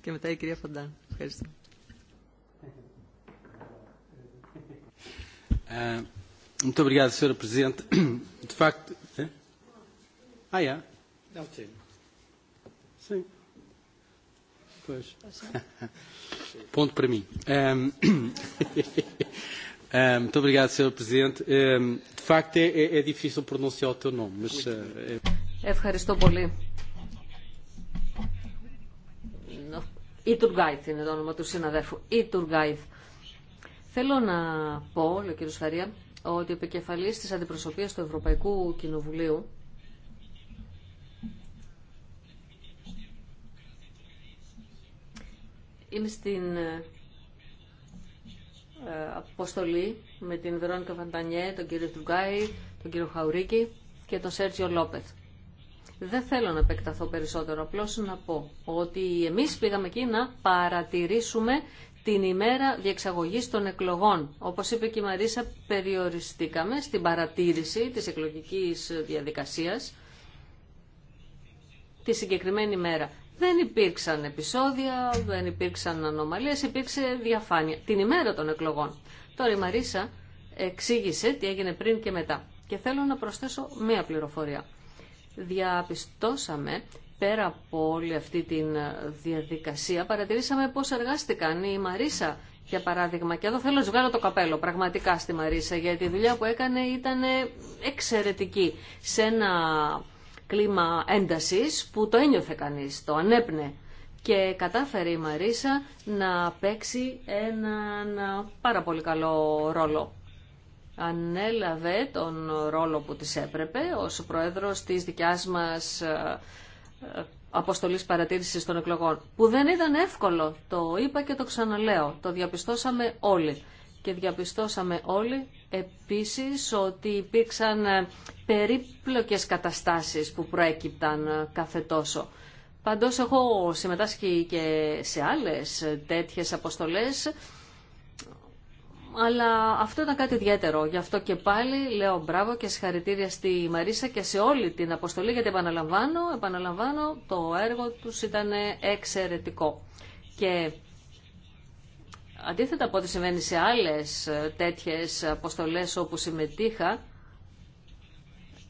και μετά η κυρία Φοντάν. Ευχαριστώ. Ε, muito obrigado, Sr. Presidente. De facto... Ah, já? É o tema. Sim. Pois. Ponto para mim. Ehm, Ευχαριστώ πολύ. είναι Θέλω να πω, λέει ο κύριο Φαρία, ότι ο επικεφαλή τη αντιπροσωπεία του Ευρωπαϊκού Κοινοβουλίου είναι στην ε, ε, αποστολή με την Βερόνικα Φαντανιέ, τον κύριο Τουγκάη, τον κύριο Χαουρίκη και τον Σέρτζιο Λόπεθ. Δεν θέλω να επεκταθώ περισσότερο, απλώς να πω ότι εμείς πήγαμε εκεί να παρατηρήσουμε την ημέρα διεξαγωγής των εκλογών. Όπως είπε και η Μαρίσα, περιοριστήκαμε στην παρατήρηση της εκλογικής διαδικασίας τη συγκεκριμένη μέρα δεν υπήρξαν επεισόδια, δεν υπήρξαν ανομαλίες, υπήρξε διαφάνεια την ημέρα των εκλογών. Τώρα η Μαρίσα εξήγησε τι έγινε πριν και μετά. Και θέλω να προσθέσω μία πληροφορία. Διαπιστώσαμε πέρα από όλη αυτή τη διαδικασία, παρατηρήσαμε πώς εργάστηκαν η Μαρίσα για παράδειγμα, και εδώ θέλω να βγάλω το καπέλο πραγματικά στη Μαρίσα, γιατί η δουλειά που έκανε ήταν εξαιρετική. Σε ένα κλίμα έντασης που το ένιωθε κανείς, το ανέπνε και κατάφερε η Μαρίσα να παίξει έναν πάρα πολύ καλό ρόλο. Ανέλαβε τον ρόλο που της έπρεπε ως πρόεδρος της δικιάς μας ε, ε, αποστολής παρατήρησης των εκλογών, που δεν ήταν εύκολο, το είπα και το ξαναλέω, το διαπιστώσαμε όλοι και διαπιστώσαμε όλοι επίσης ότι υπήρξαν ε, περίπλοκες καταστάσεις που προέκυπταν ε, κάθε τόσο. Παντός έχω συμμετάσχει και σε άλλες ε, τέτοιες αποστολές, αλλά αυτό ήταν κάτι ιδιαίτερο. Γι' αυτό και πάλι λέω μπράβο και συγχαρητήρια στη Μαρίσα και σε όλη την αποστολή, γιατί επαναλαμβάνω, επαναλαμβάνω το έργο τους ήταν εξαιρετικό. Αντίθετα από ό,τι συμβαίνει σε άλλες ε, τέτοιες αποστολές όπου συμμετείχα,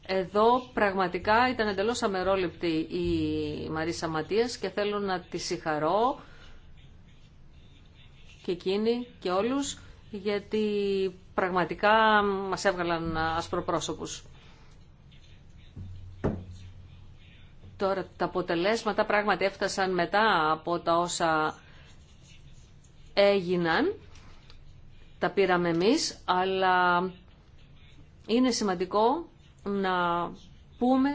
εδώ πραγματικά ήταν εντελώς αμερόληπτη η Μαρίσα Ματίας και θέλω να τη συγχαρώ και εκείνη και όλους γιατί πραγματικά μας έβγαλαν ασπροπρόσωπους. Τώρα τα αποτελέσματα πράγματι έφτασαν μετά από τα όσα έγιναν, τα πήραμε εμείς, αλλά είναι σημαντικό να πούμε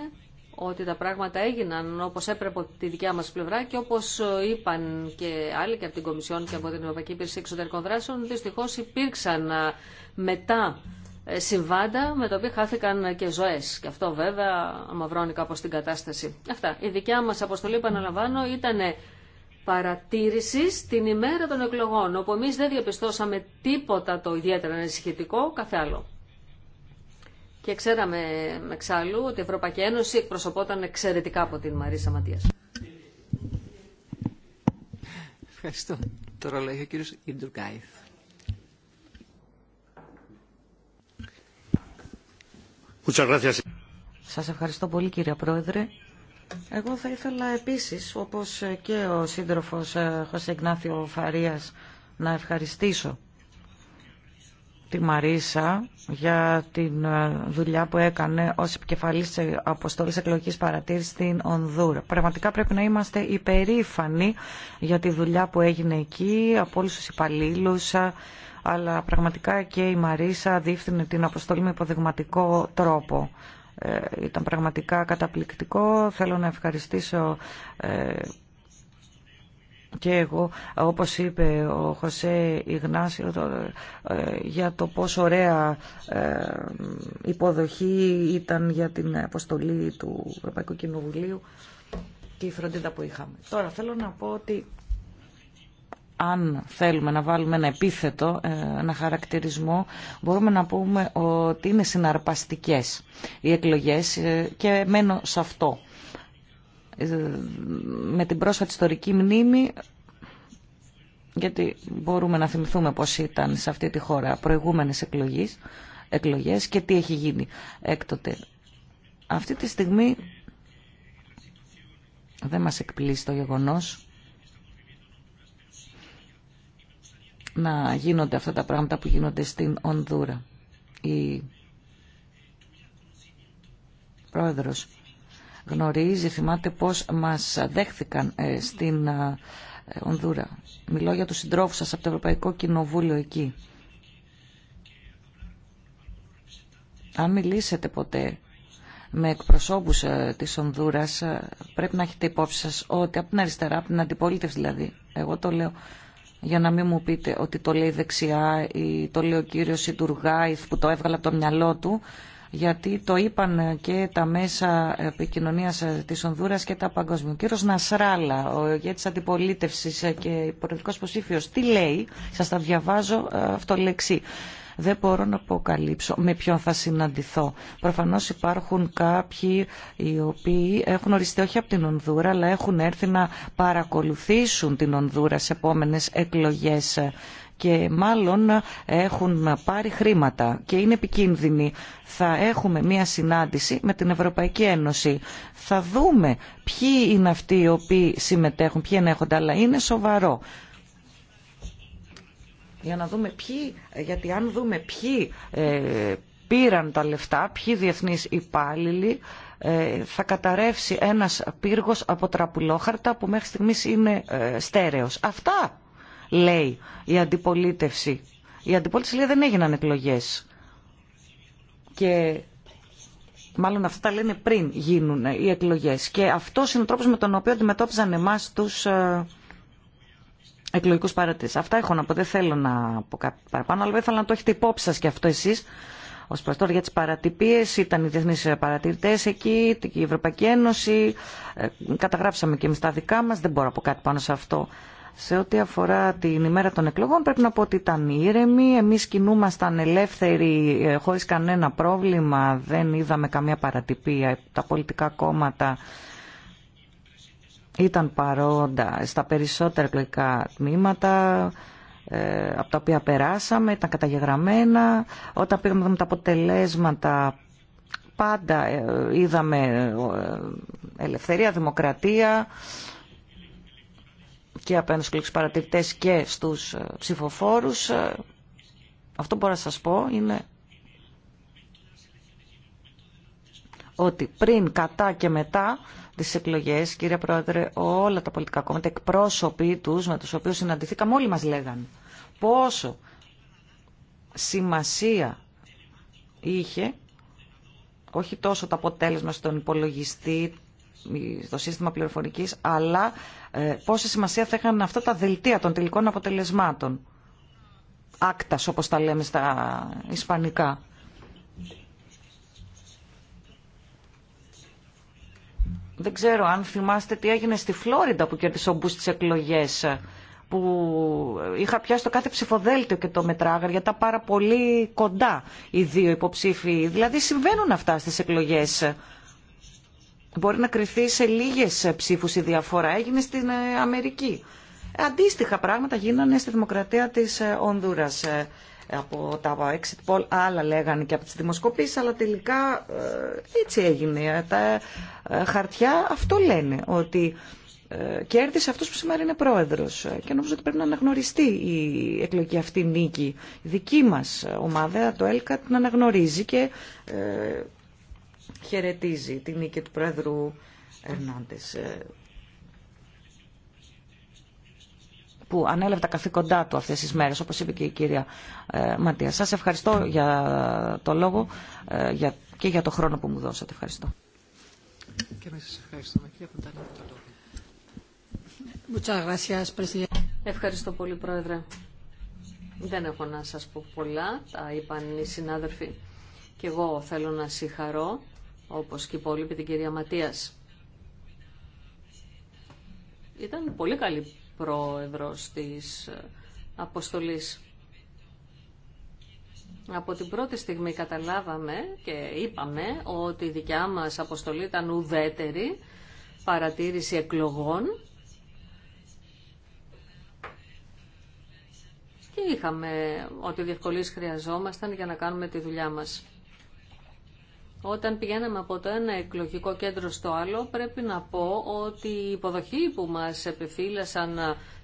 ότι τα πράγματα έγιναν όπως έπρεπε από τη δικιά μας πλευρά και όπως είπαν και άλλοι και από την Κομισιόν και από την Ευρωπαϊκή Υπηρεσία Εξωτερικών Δράσεων, δυστυχώς υπήρξαν μετά ε, συμβάντα με τα οποία χάθηκαν και ζωές. Και αυτό βέβαια αμαυρώνει κάπως την κατάσταση. Αυτά. Η δικιά μας αποστολή, επαναλαμβάνω, ήταν παρατήρησης την ημέρα των εκλογών, όπου εμείς δεν διαπιστώσαμε τίποτα το ιδιαίτερα ανησυχητικό, καθ' άλλο. Και ξέραμε εξάλλου ότι η Ευρωπαϊκή Ένωση εκπροσωπόταν εξαιρετικά από την Μαρίσα Ματίας. Ευχαριστώ. κύριος Σας ευχαριστώ πολύ κύριε Πρόεδρε. Εγώ θα ήθελα επίσης, όπως και ο σύντροφος ε, Χωσέ Γνάθιο Φαρίας, να ευχαριστήσω τη Μαρίσα για την ε, δουλειά που έκανε ως επικεφαλής της αποστολής εκλογικής παρατήρησης στην Ονδούρα. Πραγματικά πρέπει να είμαστε υπερήφανοι για τη δουλειά που έγινε εκεί, από όλους τους υπαλλήλους, ε, αλλά πραγματικά και η Μαρίσα διεύθυνε την αποστολή με υποδειγματικό τρόπο. Ε, ήταν πραγματικά καταπληκτικό. Θέλω να ευχαριστήσω ε, και εγώ, όπως είπε ο Χωσέ Ιγνάσιο, ε, για το πόσο ωραία υποδοχή ήταν για την αποστολή του Ευρωπαϊκού Κοινοβουλίου και η φροντίδα που είχαμε. Τώρα θέλω να πω ότι αν θέλουμε να βάλουμε ένα επίθετο, ε, ένα χαρακτηρισμό, μπορούμε να πούμε ότι είναι συναρπαστικές οι εκλογές ε, και μένω σε αυτό. Ε, με την πρόσφατη ιστορική μνήμη γιατί μπορούμε να θυμηθούμε πώς ήταν σε αυτή τη χώρα προηγούμενες εκλογές, εκλογές και τι έχει γίνει έκτοτε. Αυτή τη στιγμή δεν μας εκπλήσει το γεγονός να γίνονται αυτά τα πράγματα που γίνονται στην Ονδούρα. Η πρόεδρος γνωρίζει, θυμάται πώς μας δέχθηκαν ε, στην ε, Ονδούρα. Μιλώ για τους συντρόφους σας από το Ευρωπαϊκό Κοινοβούλιο εκεί. Αν μιλήσετε ποτέ με εκπροσώπους ε, της Ονδούρας, πρέπει να έχετε υπόψη σας ότι από την αριστερά, από την αντιπολίτευση δηλαδή, εγώ το λέω, για να μην μου πείτε ότι το λέει δεξιά ή το λέει ο κύριος που το έβγαλε από το μυαλό του, γιατί το είπαν και τα μέσα επικοινωνία της Ονδούρα και τα παγκόσμια. Ο κύριο Νασράλα, ο ηγέτη αντιπολίτευση και υποτελικός υποψήφιο, τι λέει, σα τα διαβάζω ε, αυτό λεξί δεν μπορώ να αποκαλύψω με ποιον θα συναντηθώ. Προφανώς υπάρχουν κάποιοι οι οποίοι έχουν οριστεί όχι από την Ονδούρα αλλά έχουν έρθει να παρακολουθήσουν την Ονδούρα σε επόμενες εκλογές και μάλλον έχουν πάρει χρήματα και είναι επικίνδυνοι. Θα έχουμε μία συνάντηση με την Ευρωπαϊκή Ένωση. Θα δούμε ποιοι είναι αυτοί οι οποίοι συμμετέχουν, ποιοι ενέχονται, αλλά είναι σοβαρό για να δούμε ποιοι, γιατί αν δούμε ποιοι ε, πήραν τα λεφτά, ποιοι διεθνείς υπάλληλοι, ε, θα καταρρεύσει ένας πύργος από τραπουλόχαρτα που μέχρι στιγμής είναι ε, στέρεος. Αυτά λέει η αντιπολίτευση. Η αντιπολίτευση λέει δεν έγιναν εκλογές. Και μάλλον αυτά τα λένε πριν γίνουν οι εκλογές. Και αυτός είναι ο τρόπος με τον οποίο αντιμετώπιζαν εμάς τους... Ε, εκλογικού παρατήρηση. Αυτά έχω να πω. Δεν θέλω να πω κάτι παραπάνω, αλλά ήθελα να το έχετε υπόψη σα και αυτό εσεί. Ω προ τώρα για τι παρατυπίε, ήταν οι διεθνεί παρατηρητέ εκεί, η Ευρωπαϊκή Ένωση. Ε, καταγράψαμε και εμεί τα δικά μα. Δεν μπορώ να πω κάτι πάνω σε αυτό. Σε ό,τι αφορά την ημέρα των εκλογών, πρέπει να πω ότι ήταν ήρεμη. Εμεί κινούμασταν ελεύθεροι, ε, χωρί κανένα πρόβλημα. Δεν είδαμε καμία παρατυπία. Τα πολιτικά κόμματα ήταν παρόντα στα περισσότερα εκλογικά τμήματα ε, από τα οποία περάσαμε, ήταν καταγεγραμμένα. Όταν πήγαμε με τα αποτελέσματα πάντα ε, είδαμε ε, ελευθερία, δημοκρατία και απέναντι στους παρατηρητές και στους ψηφοφόρους. Αυτό μπορώ να σας πω είναι ότι πριν, κατά και μετά τις εκλογέ, κύριε Πρόεδρε, όλα τα πολιτικά κόμματα, εκπρόσωποι τους με τους οποίους συναντηθήκαμε, όλοι μα λέγανε πόσο σημασία είχε όχι τόσο το αποτέλεσμα στον υπολογιστή, στο σύστημα πληροφορικής, αλλά ε, πόση σημασία θα είχαν αυτά τα δελτία των τελικών αποτελεσμάτων. Άκτας, όπως τα λέμε στα ισπανικά. Δεν ξέρω αν θυμάστε τι έγινε στη Φλόριντα που κέρδισε ο Μπούς τις εκλογές που είχα πιάσει το κάθε ψηφοδέλτιο και το μετράγα γιατί τα πάρα πολύ κοντά οι δύο υποψήφοι. Δηλαδή συμβαίνουν αυτά στις εκλογές. Μπορεί να κρυθεί σε λίγες ψήφους η διαφορά. Έγινε στην ε, Αμερική. Αντίστοιχα πράγματα γίνανε στη δημοκρατία της Ονδούρας. Ε, από τα exit poll, άλλα λέγανε και από τις δημοσκοπήσεις, αλλά τελικά ε, έτσι έγινε. Τα ε, χαρτιά αυτό λένε, ότι ε, κέρδισε αυτός που σήμερα είναι πρόεδρος. Και νομίζω ότι πρέπει να αναγνωριστεί η εκλογική αυτή νίκη. Η δική μας ομάδα, το ΕΛΚΑ, την αναγνωρίζει και χαιρετίζει την νίκη του πρόεδρου Ερνάντες. που ανέλαβε τα καθήκοντά του αυτές τις μέρες, όπως είπε και η κυρία ε, Ματία. Σας ευχαριστώ για το λόγο ε, και για το χρόνο που μου δώσατε. Ευχαριστώ. Και εμείς σας ευχαριστούμε. το λόγο. Ευχαριστώ πολύ, Πρόεδρε. Δεν έχω να σας πω πολλά, τα είπαν οι συνάδελφοι. Και εγώ θέλω να συγχαρώ, όπως και οι υπόλοιποι, την κυρία Ματίας. Ήταν πολύ καλή πρόεδρος της αποστολής. Από την πρώτη στιγμή καταλάβαμε και είπαμε ότι η δικιά μας αποστολή ήταν ουδέτερη παρατήρηση εκλογών και είχαμε ό,τι διευκολύνσεις χρειαζόμασταν για να κάνουμε τη δουλειά μας. Όταν πηγαίναμε από το ένα εκλογικό κέντρο στο άλλο, πρέπει να πω ότι η υποδοχή που μας επιφύλασαν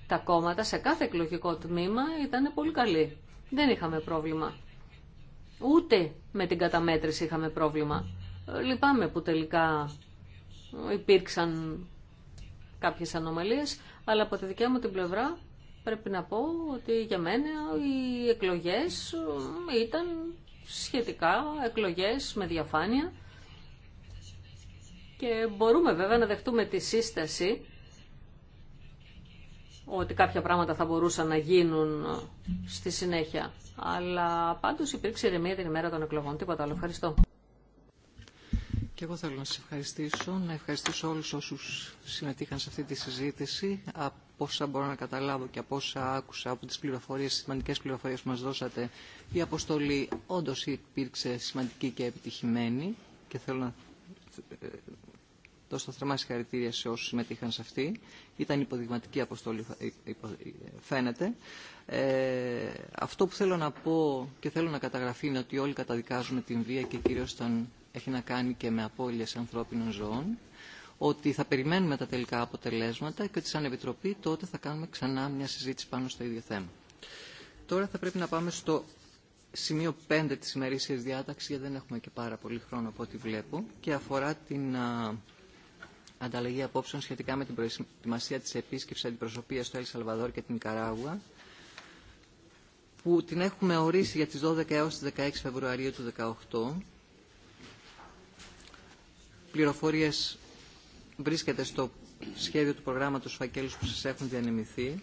τα κόμματα σε κάθε εκλογικό τμήμα ήταν πολύ καλή. Δεν είχαμε πρόβλημα. Ούτε με την καταμέτρηση είχαμε πρόβλημα. Λυπάμαι που τελικά υπήρξαν κάποιες ανομαλίες, αλλά από τη δικιά μου την πλευρά πρέπει να πω ότι για μένα οι εκλογές ήταν σχετικά εκλογές με διαφάνεια και μπορούμε βέβαια να δεχτούμε τη σύσταση ότι κάποια πράγματα θα μπορούσαν να γίνουν ε, στη συνέχεια. Αλλά πάντως υπήρξε ηρεμία την ημέρα των εκλογών. Τίποτα άλλο. Ευχαριστώ. Και εγώ θέλω να σας ευχαριστήσω, να ευχαριστήσω όλους όσους συμμετείχαν σε αυτή τη συζήτηση από όσα μπορώ να καταλάβω και από όσα άκουσα από τις πληροφορίες, σημαντικές πληροφορίες που μας δώσατε, η αποστολή όντως υπήρξε σημαντική και επιτυχημένη και θέλω να ε, δώσω θερμά συγχαρητήρια σε όσους συμμετείχαν σε αυτή. Ήταν υποδειγματική αποστολή, ε, ε, φαίνεται. Ε, αυτό που θέλω να πω και θέλω να καταγραφεί είναι ότι όλοι καταδικάζουμε την βία και κυρίως έχει να κάνει και με απώλειες ανθρώπινων ζώων ότι θα περιμένουμε τα τελικά αποτελέσματα και ότι σαν Επιτροπή τότε θα κάνουμε ξανά μια συζήτηση πάνω στο ίδιο θέμα. Τώρα θα πρέπει να πάμε στο σημείο 5 της ημερήσιας διάταξης, γιατί δεν έχουμε και πάρα πολύ χρόνο από ό,τι βλέπω, και αφορά την ανταλλαγή απόψεων σχετικά με την προετοιμασία της επίσκεψης αντιπροσωπείας στο Ελ και την Καράγουα, που την έχουμε ορίσει για τις 12 έως τις 16 Φεβρουαρίου του 2018. Πληροφορίες βρίσκεται στο σχέδιο του προγράμματος φακέλους που σας έχουν διανεμηθεί.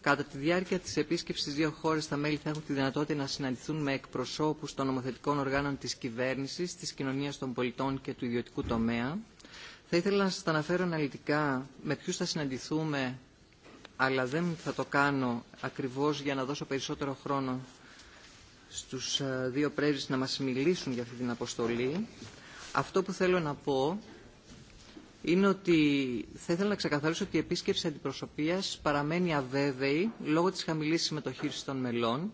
Κατά τη διάρκεια της επίσκεψης στις δύο χώρες, τα μέλη θα έχουν τη δυνατότητα να συναντηθούν με εκπροσώπους των νομοθετικών οργάνων της κυβέρνησης, της κοινωνίας των πολιτών και του ιδιωτικού τομέα. Θα ήθελα να σας αναφέρω αναλυτικά με ποιους θα συναντηθούμε, αλλά δεν θα το κάνω ακριβώς για να δώσω περισσότερο χρόνο στους ε, δύο πρέσβεις να μας μιλήσουν για αυτή την αποστολή. Αυτό που θέλω να πω είναι ότι θα ήθελα να ξεκαθαρίσω ότι η επίσκεψη αντιπροσωπεία παραμένει αβέβαιη λόγω τη χαμηλή συμμετοχή των μελών.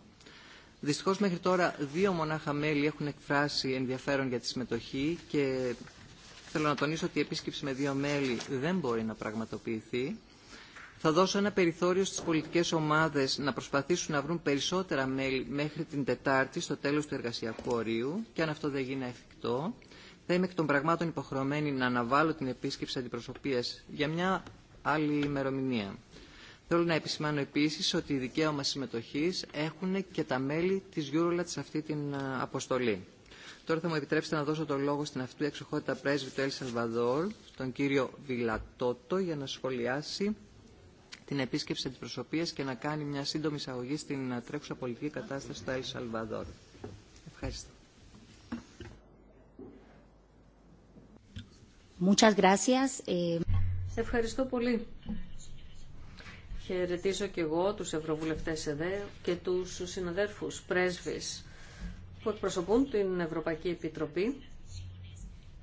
Δυστυχώ μέχρι τώρα δύο μονάχα μέλη έχουν εκφράσει ενδιαφέρον για τη συμμετοχή και θέλω να τονίσω ότι η επίσκεψη με δύο μέλη δεν μπορεί να πραγματοποιηθεί. Θα δώσω ένα περιθώριο στι πολιτικέ ομάδε να προσπαθήσουν να βρουν περισσότερα μέλη μέχρι την Τετάρτη στο τέλο του εργασιακού ορίου και αν αυτό δεν γίνει εφικτό θα είμαι εκ των πραγμάτων υποχρεωμένη να αναβάλω την επίσκεψη αντιπροσωπεία για μια άλλη ημερομηνία. Θέλω να επισημάνω επίση ότι οι δικαίωμα συμμετοχή έχουν και τα μέλη τη Eurolat σε αυτή την ε, αποστολή. Τώρα θα μου επιτρέψετε να δώσω τον λόγο στην αυτού εξοχότητα πρέσβη του Ελ τον κύριο Βιλατότο, για να σχολιάσει την επίσκεψη αντιπροσωπεία και να κάνει μια σύντομη εισαγωγή στην ε, τρέχουσα πολιτική κατάσταση του Ελ Σαλβαδόρ. Ευχαριστώ. Muchas eh. Ευχαριστώ πολύ. Χαιρετίζω και εγώ τους Ευρωβουλευτές ΕΔΕ και τους συναδέρφους πρέσβεις που εκπροσωπούν την Ευρωπαϊκή Επιτροπή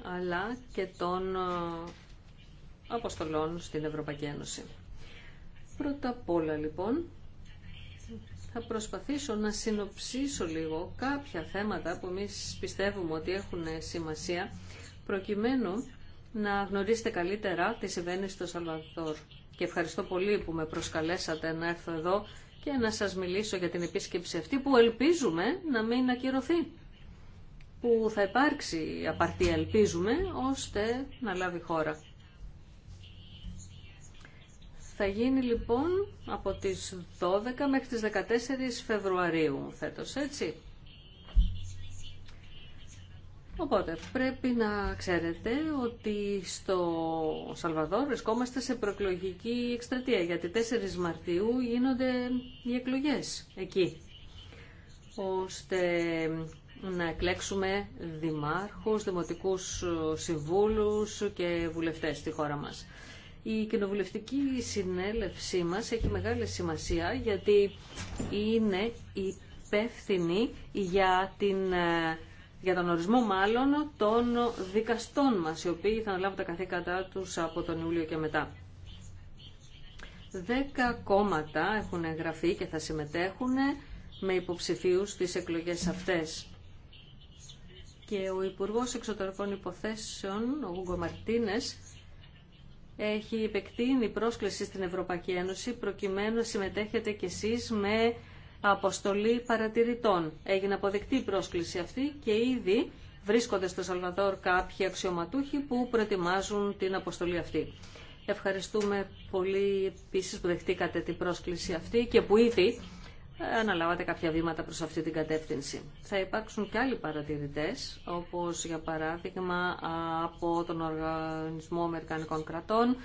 αλλά και των ε, αποστολών στην Ευρωπαϊκή Ένωση. Πρώτα απ' όλα λοιπόν θα προσπαθήσω να συνοψίσω λίγο κάποια θέματα που εμείς πιστεύουμε ότι έχουν σημασία προκειμένου να γνωρίσετε καλύτερα τι συμβαίνει στο Σαλβαδόρ. Και ευχαριστώ πολύ που με προσκαλέσατε να έρθω εδώ και να σας μιλήσω για την επίσκεψη αυτή που ελπίζουμε να μην ακυρωθεί. Που θα υπάρξει απαρτία, ελπίζουμε, ώστε να λάβει χώρα. Θα γίνει λοιπόν από τις 12 μέχρι τις 14 Φεβρουαρίου φέτος, έτσι. Οπότε πρέπει να ξέρετε ότι στο Σαλβαδόρ βρισκόμαστε σε προεκλογική εκστρατεία γιατί 4 Μαρτίου γίνονται οι εκλογές εκεί ώστε να εκλέξουμε δημάρχους, δημοτικούς συμβούλους και βουλευτές στη χώρα μας. Η κοινοβουλευτική συνέλευσή μας έχει μεγάλη σημασία γιατί είναι υπεύθυνη για την ε, για τον ορισμό μάλλον των δικαστών μας, οι οποίοι θα αναλάβουν τα καθήκατά τους από τον Ιούλιο και μετά. Δέκα κόμματα έχουν εγγραφεί και θα συμμετέχουν με υποψηφίους στις εκλογές αυτές. Και ο Υπουργός Εξωτερικών Υποθέσεων, ο Γούγκο Μαρτίνες, έχει επεκτείνει πρόσκληση στην Ευρωπαϊκή Ένωση προκειμένου να συμμετέχετε κι εσείς με αποστολή παρατηρητών. Έγινε αποδεκτή η πρόσκληση αυτή και ήδη βρίσκονται στο Σαλβαδόρ κάποιοι αξιωματούχοι που προετοιμάζουν την αποστολή αυτή. Ευχαριστούμε πολύ επίσης που δεχτήκατε την πρόσκληση αυτή και που ήδη ε, αναλάβατε κάποια βήματα προς αυτή την κατεύθυνση. Θα υπάρξουν και άλλοι παρατηρητές, όπως για παράδειγμα από τον Οργανισμό Αμερικανικών Κρατών,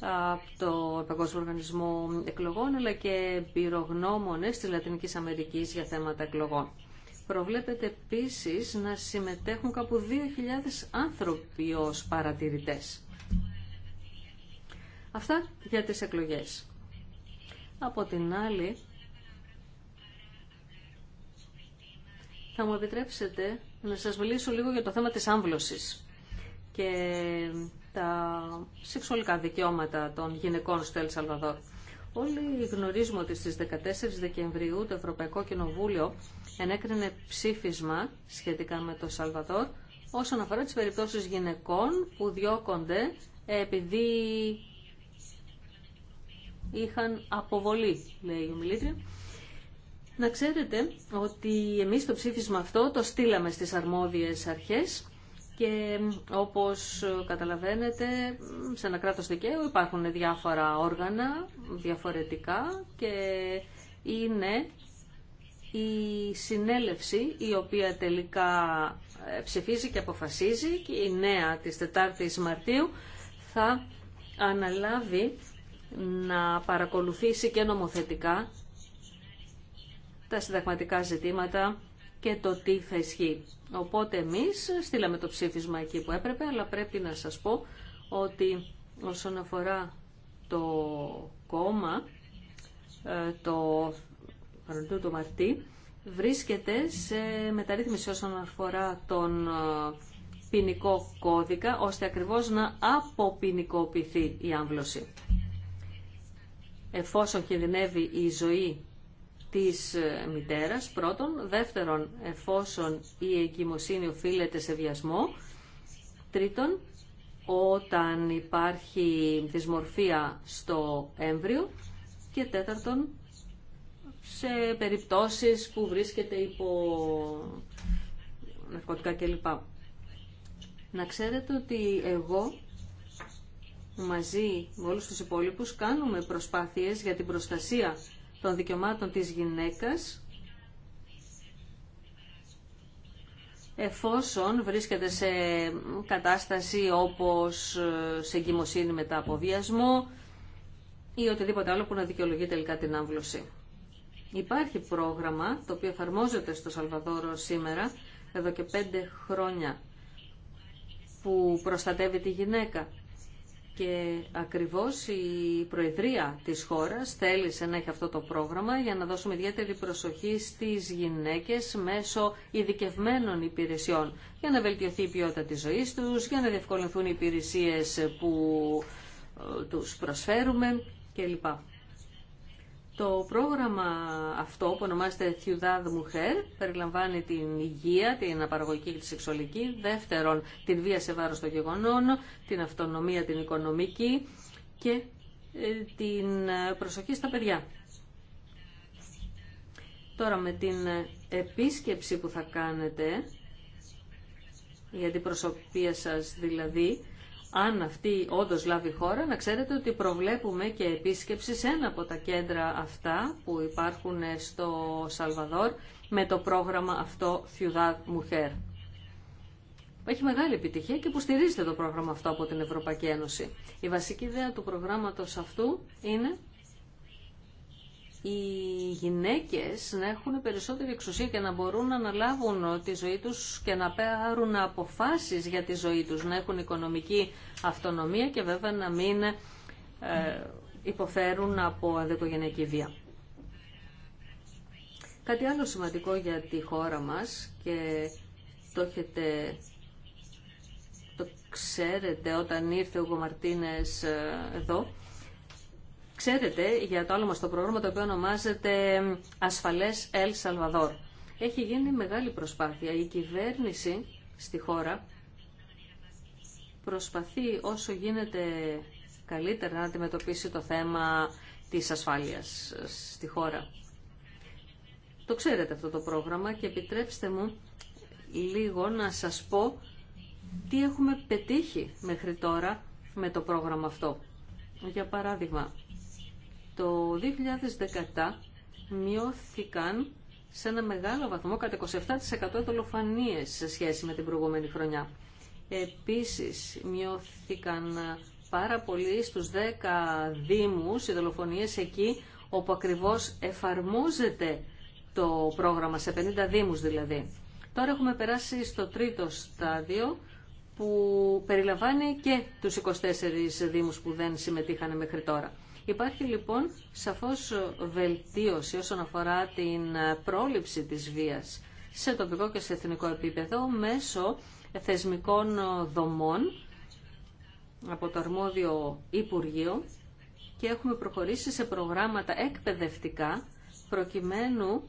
από το Παγκόσμιο Οργανισμό Εκλογών, αλλά και πυρογνώμονες της Λατινικής Αμερικής για θέματα εκλογών. Προβλέπεται επίσης να συμμετέχουν κάπου 2.000 άνθρωποι ως παρατηρητές. Αυτά για τις εκλογές. Από την άλλη, θα μου επιτρέψετε να σας μιλήσω λίγο για το θέμα της άμβλωσης. Και τα σεξουαλικά δικαιώματα των γυναικών στο Ελ Σαλβαδόρ. Όλοι γνωρίζουμε ότι στις 14 Δεκεμβρίου το Ευρωπαϊκό Κοινοβούλιο ενέκρινε ψήφισμα σχετικά με το Σαλβαδόρ όσον αφορά τις περιπτώσεις γυναικών που διώκονται επειδή είχαν αποβολή, λέει η ομιλήτρια. Να ξέρετε ότι εμείς το ψήφισμα αυτό το στείλαμε στις αρμόδιες αρχές και όπως καταλαβαίνετε, σε ένα κράτος δικαίου υπάρχουν διάφορα όργανα διαφορετικά και είναι η συνέλευση η οποία τελικά ε, ψηφίζει και αποφασίζει και η νέα της 4ης Μαρτίου θα αναλάβει να παρακολουθήσει και νομοθετικά τα συνταγματικά ζητήματα και το τι θα ισχύει. Οπότε εμείς στείλαμε το ψήφισμα εκεί που έπρεπε, αλλά πρέπει να σας πω ότι όσον αφορά το κόμμα, ε, το παροντού το Μαρτί, βρίσκεται σε μεταρρύθμιση όσον αφορά τον ε, ποινικό κώδικα, ώστε ακριβώς να αποποινικοποιηθεί η άμβλωση. Εφόσον κινδυνεύει η ζωή της ε, μητέρας πρώτον, δεύτερον εφόσον η εγκυμοσύνη οφείλεται σε βιασμό, τρίτον όταν υπάρχει δυσμορφία στο έμβριο και τέταρτον σε περιπτώσεις που βρίσκεται υπό ναρκωτικά κλπ. Να ξέρετε ότι εγώ μαζί με όλους τους υπόλοιπους κάνουμε προσπάθειες για την προστασία των δικαιωμάτων της γυναίκας εφόσον βρίσκεται σε κατάσταση όπως ε, σε εγκυμοσύνη μετά από βιασμό ή οτιδήποτε άλλο που να δικαιολογεί τελικά την άμβλωση. Υπάρχει πρόγραμμα το οποίο εφαρμόζεται στο Σαλβαδόρο σήμερα εδώ και πέντε χρόνια που προστατεύει τη γυναίκα και ακριβώς η Προεδρία της χώρας θέλησε να έχει αυτό το πρόγραμμα για να δώσουμε ιδιαίτερη προσοχή στις γυναίκες μέσω ειδικευμένων υπηρεσιών για να βελτιωθεί η ποιότητα της ζωής τους, για να διευκολυνθούν οι υπηρεσίες που ε, τους προσφέρουμε κλπ. Το πρόγραμμα αυτό που ονομάζεται Ciudad Mujer περιλαμβάνει την υγεία, την απαραγωγική και τη σεξουαλική, δεύτερον την βία σε βάρος των γεγονών, την αυτονομία την οικονομική και ε, την ε, προσοχή στα παιδιά. Τώρα με την ε, επίσκεψη που θα κάνετε, για την προσωπία σας δηλαδή, αν αυτή όντως λάβει χώρα, να ξέρετε ότι προβλέπουμε και επίσκεψη σε ένα από τα κέντρα αυτά που υπάρχουν στο Σαλβαδόρ με το πρόγραμμα αυτό Ciudad Mujer. Έχει μεγάλη επιτυχία και που στηρίζεται το πρόγραμμα αυτό από την Ευρωπαϊκή Ένωση. Η βασική ιδέα του προγράμματος αυτού είναι οι γυναίκες να έχουν περισσότερη εξουσία και να μπορούν να αναλάβουν τη ζωή τους και να πάρουν αποφάσεις για τη ζωή τους, να έχουν οικονομική αυτονομία και βέβαια να μην ε, υποφέρουν από αδικογενειακή βία. Κάτι άλλο σημαντικό για τη χώρα μας και το ξέρετε όταν ήρθε ο Γκομαρτίνες ε, εδώ, Ξέρετε για το άλλο μας το πρόγραμμα το οποίο ονομάζεται Ασφαλές El Salvador. Έχει γίνει μεγάλη προσπάθεια. Η κυβέρνηση στη χώρα προσπαθεί όσο γίνεται καλύτερα να αντιμετωπίσει το θέμα της ασφάλειας στη χώρα. Το ξέρετε αυτό το πρόγραμμα και επιτρέψτε μου λίγο να σας πω τι έχουμε πετύχει μέχρι τώρα με το πρόγραμμα αυτό. Για παράδειγμα, το 2017 μειώθηκαν σε ένα μεγάλο βαθμό, κατά 27% δολοφανίες σε σχέση με την προηγούμενη χρονιά. Επίσης, μειώθηκαν πάρα πολύ στους 10 δήμους οι δολοφονίες εκεί όπου ακριβώς εφαρμόζεται το πρόγραμμα, σε 50 δήμους δηλαδή. Τώρα έχουμε περάσει στο τρίτο στάδιο που περιλαμβάνει και τους 24 δήμους που δεν συμμετείχαν μέχρι τώρα. Υπάρχει λοιπόν σαφώς βελτίωση όσον αφορά την πρόληψη της βίας σε τοπικό και σε εθνικό επίπεδο μέσω θεσμικών δομών από το αρμόδιο Υπουργείο και έχουμε προχωρήσει σε προγράμματα εκπαιδευτικά προκειμένου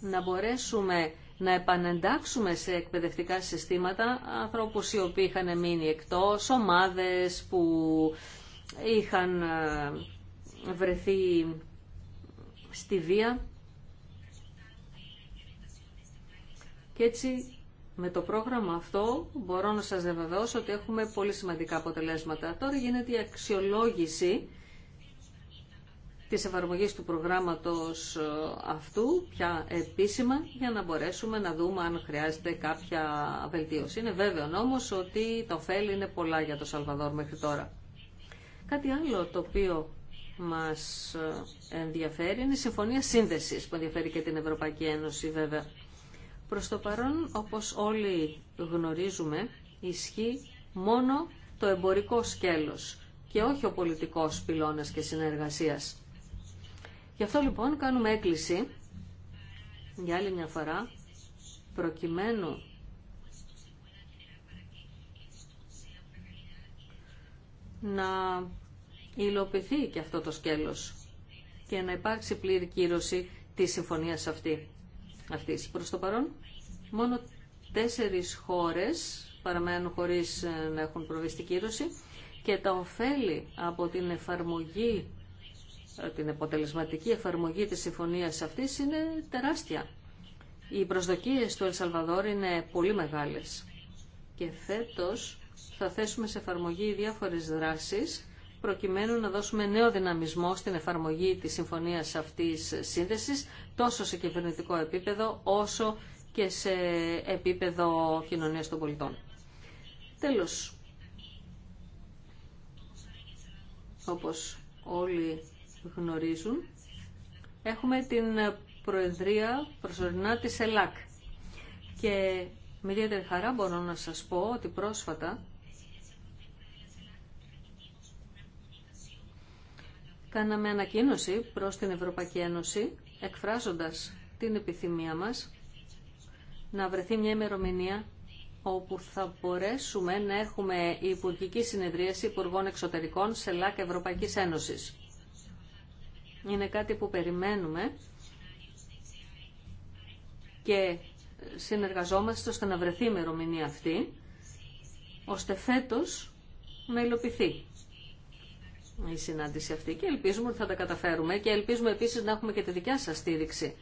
να μπορέσουμε να επανεντάξουμε σε εκπαιδευτικά συστήματα ανθρώπους οι οποίοι είχαν μείνει εκτός, ομάδες που είχαν ε, βρεθεί στη βία και έτσι με το πρόγραμμα αυτό μπορώ να σας διαβεβαιώσω ότι έχουμε πολύ σημαντικά αποτελέσματα. Τώρα γίνεται η αξιολόγηση της εφαρμογής του προγράμματος ε, αυτού, πια επίσημα, για να μπορέσουμε να δούμε αν χρειάζεται κάποια βελτίωση. Είναι βέβαιο όμως ότι τα ωφέλη είναι πολλά για το Σαλβαδόρ μέχρι τώρα. Κάτι άλλο το οποίο μας ε, ενδιαφέρει είναι η Συμφωνία Σύνδεσης που ενδιαφέρει και την Ευρωπαϊκή Ένωση βέβαια. Προς το παρόν, όπως όλοι γνωρίζουμε, ισχύει μόνο το εμπορικό σκέλος και όχι ο πολιτικός πυλώνας και συνεργασίας. Γι' αυτό λοιπόν κάνουμε έκκληση για άλλη μια φορά προκειμένου να υλοποιηθεί και αυτό το σκέλος και να υπάρξει πλήρη κύρωση της συμφωνίας αυτή. αυτής. Προς το παρόν, μόνο τέσσερις χώρες παραμένουν χωρίς ε, να έχουν προβεί στην κύρωση και τα ωφέλη από την εφαρμογή, ε, την αποτελεσματική εφαρμογή της συμφωνίας αυτής είναι τεράστια. Οι προσδοκίες του Ελσαλβαδόρ είναι πολύ μεγάλες και φέτος θα θέσουμε σε εφαρμογή διάφορες δράσεις προκειμένου να δώσουμε νέο δυναμισμό στην εφαρμογή της συμφωνίας αυτής σύνδεσης, τόσο σε κυβερνητικό επίπεδο, όσο και σε επίπεδο κοινωνίας των πολιτών. Τέλος, όπως όλοι γνωρίζουν, έχουμε την Προεδρία προσωρινά της ΕΛΑΚ. Και με ιδιαίτερη χαρά μπορώ να σας πω ότι πρόσφατα κάναμε ανακοίνωση προς την Ευρωπαϊκή Ένωση εκφράζοντας την επιθυμία μας να βρεθεί μια ημερομηνία όπου θα μπορέσουμε να έχουμε η Υπουργική Συνεδρίαση Υπουργών Εξωτερικών σε ΛΑΚ Ευρωπαϊκής Ένωσης. Είναι κάτι που περιμένουμε και συνεργαζόμαστε ώστε να βρεθεί η ημερομηνία αυτή, ώστε φέτος να υλοποιηθεί η συνάντηση αυτή και ελπίζουμε ότι θα τα καταφέρουμε και ελπίζουμε επίσης να έχουμε και τη δικιά σας στήριξη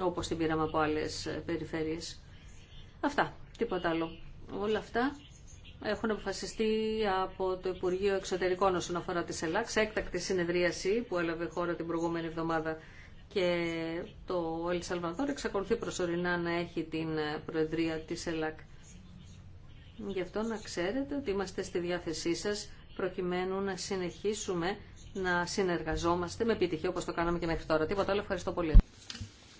όπως την πήραμε από άλλες περιφέρειες. Αυτά, τίποτα άλλο. Όλα αυτά έχουν αποφασιστεί από το Υπουργείο Εξωτερικών όσον αφορά τη ΣΕΛΑΚ, έκτακτη συνεδρίαση που έλαβε χώρα την προηγούμενη εβδομάδα και το Ελ εξακολουθεί προσωρινά να έχει την Προεδρία της ΕΛΑΚ. Γι' αυτό να ξέρετε ότι είμαστε στη διάθεσή σας προκειμένου να συνεχίσουμε να συνεργαζόμαστε με επιτυχία όπως το κάναμε και μέχρι τώρα. Τίποτα άλλο, ευχαριστώ πολύ.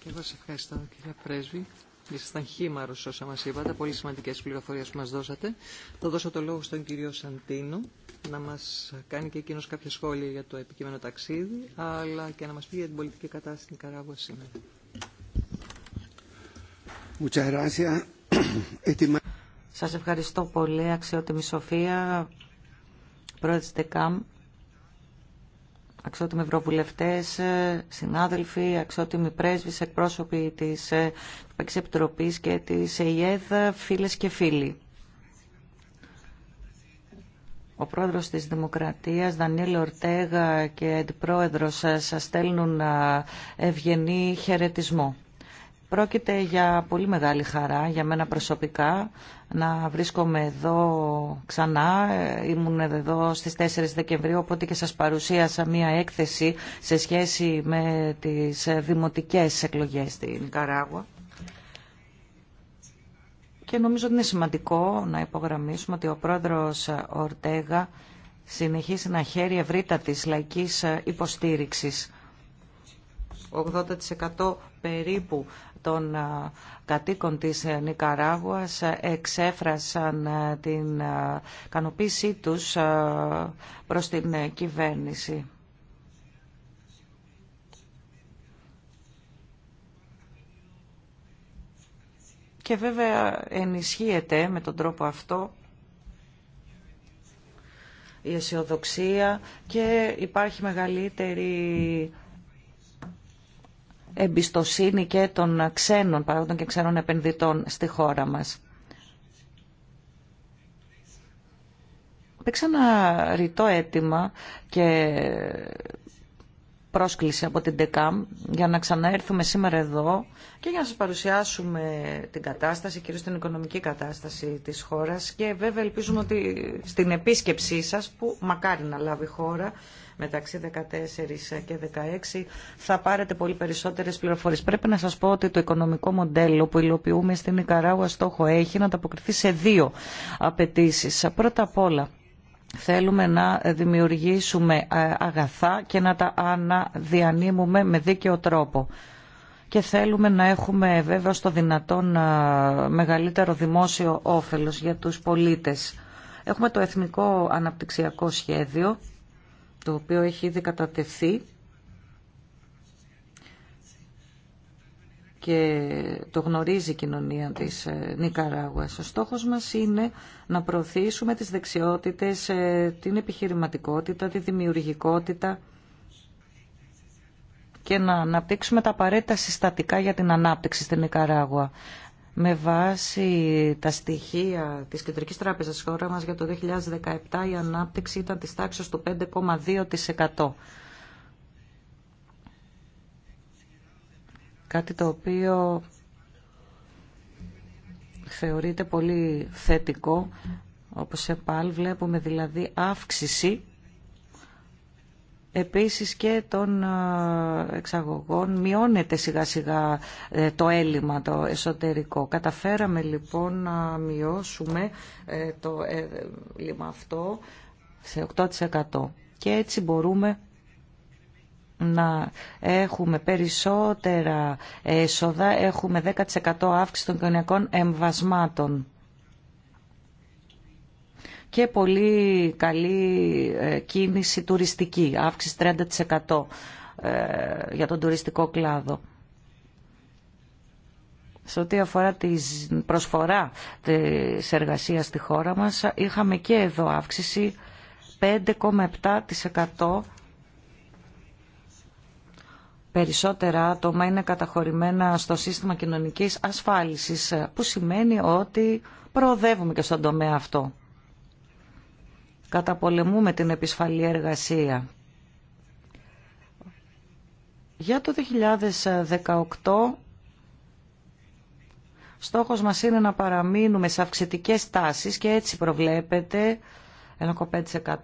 Και εγώ σας ευχαριστώ κυρία Πρέσβη. Ήσασταν χήμαρο όσα μα είπατε, πολύ σημαντικέ πληροφορίε που μα δώσατε. Θα δώσω το λόγο στον κύριο Σαντίνο να μα κάνει και εκείνο κάποια σχόλια για το επικείμενο ταξίδι, αλλά και να μα πει για την πολιτική κατάσταση στην Καράβο σήμερα. Σα ευχαριστώ πολύ, αξιότιμη Σοφία πρόεδρε τη ΔΕΚΑΜ, αξιότιμοι ευρωβουλευτέ, συνάδελφοι, αξιότιμοι πρέσβει, εκπρόσωποι τη Ευρωπαϊκή και τη ΕΙΕΔ, φίλε και φίλοι. Ο πρόεδρος της Δημοκρατίας, Δανίλη Ορτέγα και αντιπρόεδρος σας στέλνουν ευγενή χαιρετισμό. Πρόκειται για πολύ μεγάλη χαρά για μένα προσωπικά να βρίσκομαι εδώ ξανά. Ήμουν εδώ στις 4 Δεκεμβρίου, οπότε και σας παρουσίασα μία έκθεση σε σχέση με τις δημοτικές εκλογές στην Καράγουα. Και νομίζω ότι είναι σημαντικό να υπογραμμίσουμε ότι ο πρόεδρος Ορτέγα συνεχίζει να χαίρει ευρύτατης λαϊκής υποστήριξης 80% περίπου των κατοίκων της Νικαράγουας εξέφρασαν την κανοποίησή τους προς την κυβέρνηση. Και βέβαια ενισχύεται με τον τρόπο αυτό η αισιοδοξία και υπάρχει μεγαλύτερη εμπιστοσύνη και των ξένων παραγόντων και ξένων επενδυτών στη χώρα μας. Παίξα ένα ρητό αίτημα και πρόσκληση από την ΤΕΚΑΜ για να ξαναέρθουμε σήμερα εδώ και για να σας παρουσιάσουμε την κατάσταση, κυρίως την οικονομική κατάσταση της χώρας και βέβαια ελπίζουμε ότι στην επίσκεψή σας που μακάρι να λάβει χώρα μεταξύ 14 και 16 θα πάρετε πολύ περισσότερες πληροφορίες. Πρέπει να σας πω ότι το οικονομικό μοντέλο που υλοποιούμε στην Ικαράουα στόχο έχει να ανταποκριθεί σε δύο απαιτήσει. Πρώτα απ' όλα, θέλουμε να δημιουργήσουμε ε, αγαθά και να τα αναδιανύμουμε με δίκαιο τρόπο και θέλουμε να έχουμε βέβαια στο δυνατόν ε, μεγαλύτερο δημόσιο όφελος για τους πολίτες. Έχουμε το Εθνικό Αναπτυξιακό Σχέδιο το οποίο έχει ήδη κατατεθεί και το γνωρίζει η κοινωνία της ε, Νικαράγουας. Ο στόχος μας είναι να προωθήσουμε τις δεξιότητες, ε, την επιχειρηματικότητα, τη δημιουργικότητα και να αναπτύξουμε τα απαραίτητα συστατικά για την ανάπτυξη στην Νικαράγουα με βάση τα στοιχεία της Κεντρικής Τράπεζας της χώρα μας για το 2017 η ανάπτυξη ήταν της τάξης του 5,2%. Κάτι το οποίο θεωρείται πολύ θετικό, όπως επάλ βλέπουμε δηλαδή αύξηση Επίσης και των ε, εξαγωγών μειώνεται σιγά σιγά ε, το έλλειμμα το εσωτερικό. Καταφέραμε λοιπόν να μειώσουμε ε, το έλλειμμα αυτό σε 8% και έτσι μπορούμε να έχουμε περισσότερα έσοδα, έχουμε 10% αύξηση των κοινωνικών εμβασμάτων και πολύ καλή ε, κίνηση τουριστική, αύξηση 30% ε, για τον τουριστικό κλάδο. Σε ό,τι αφορά την προσφορά της εργασίας στη χώρα μας, είχαμε και εδώ αύξηση 5,7% περισσότερα άτομα είναι καταχωρημένα στο σύστημα κοινωνικής ασφάλισης, που σημαίνει ότι προοδεύουμε και στον τομέα αυτό καταπολεμούμε την επισφαλή εργασία. Για το 2018 στόχος μας είναι να παραμείνουμε σε αυξητικές τάσεις και έτσι προβλέπεται 1,5%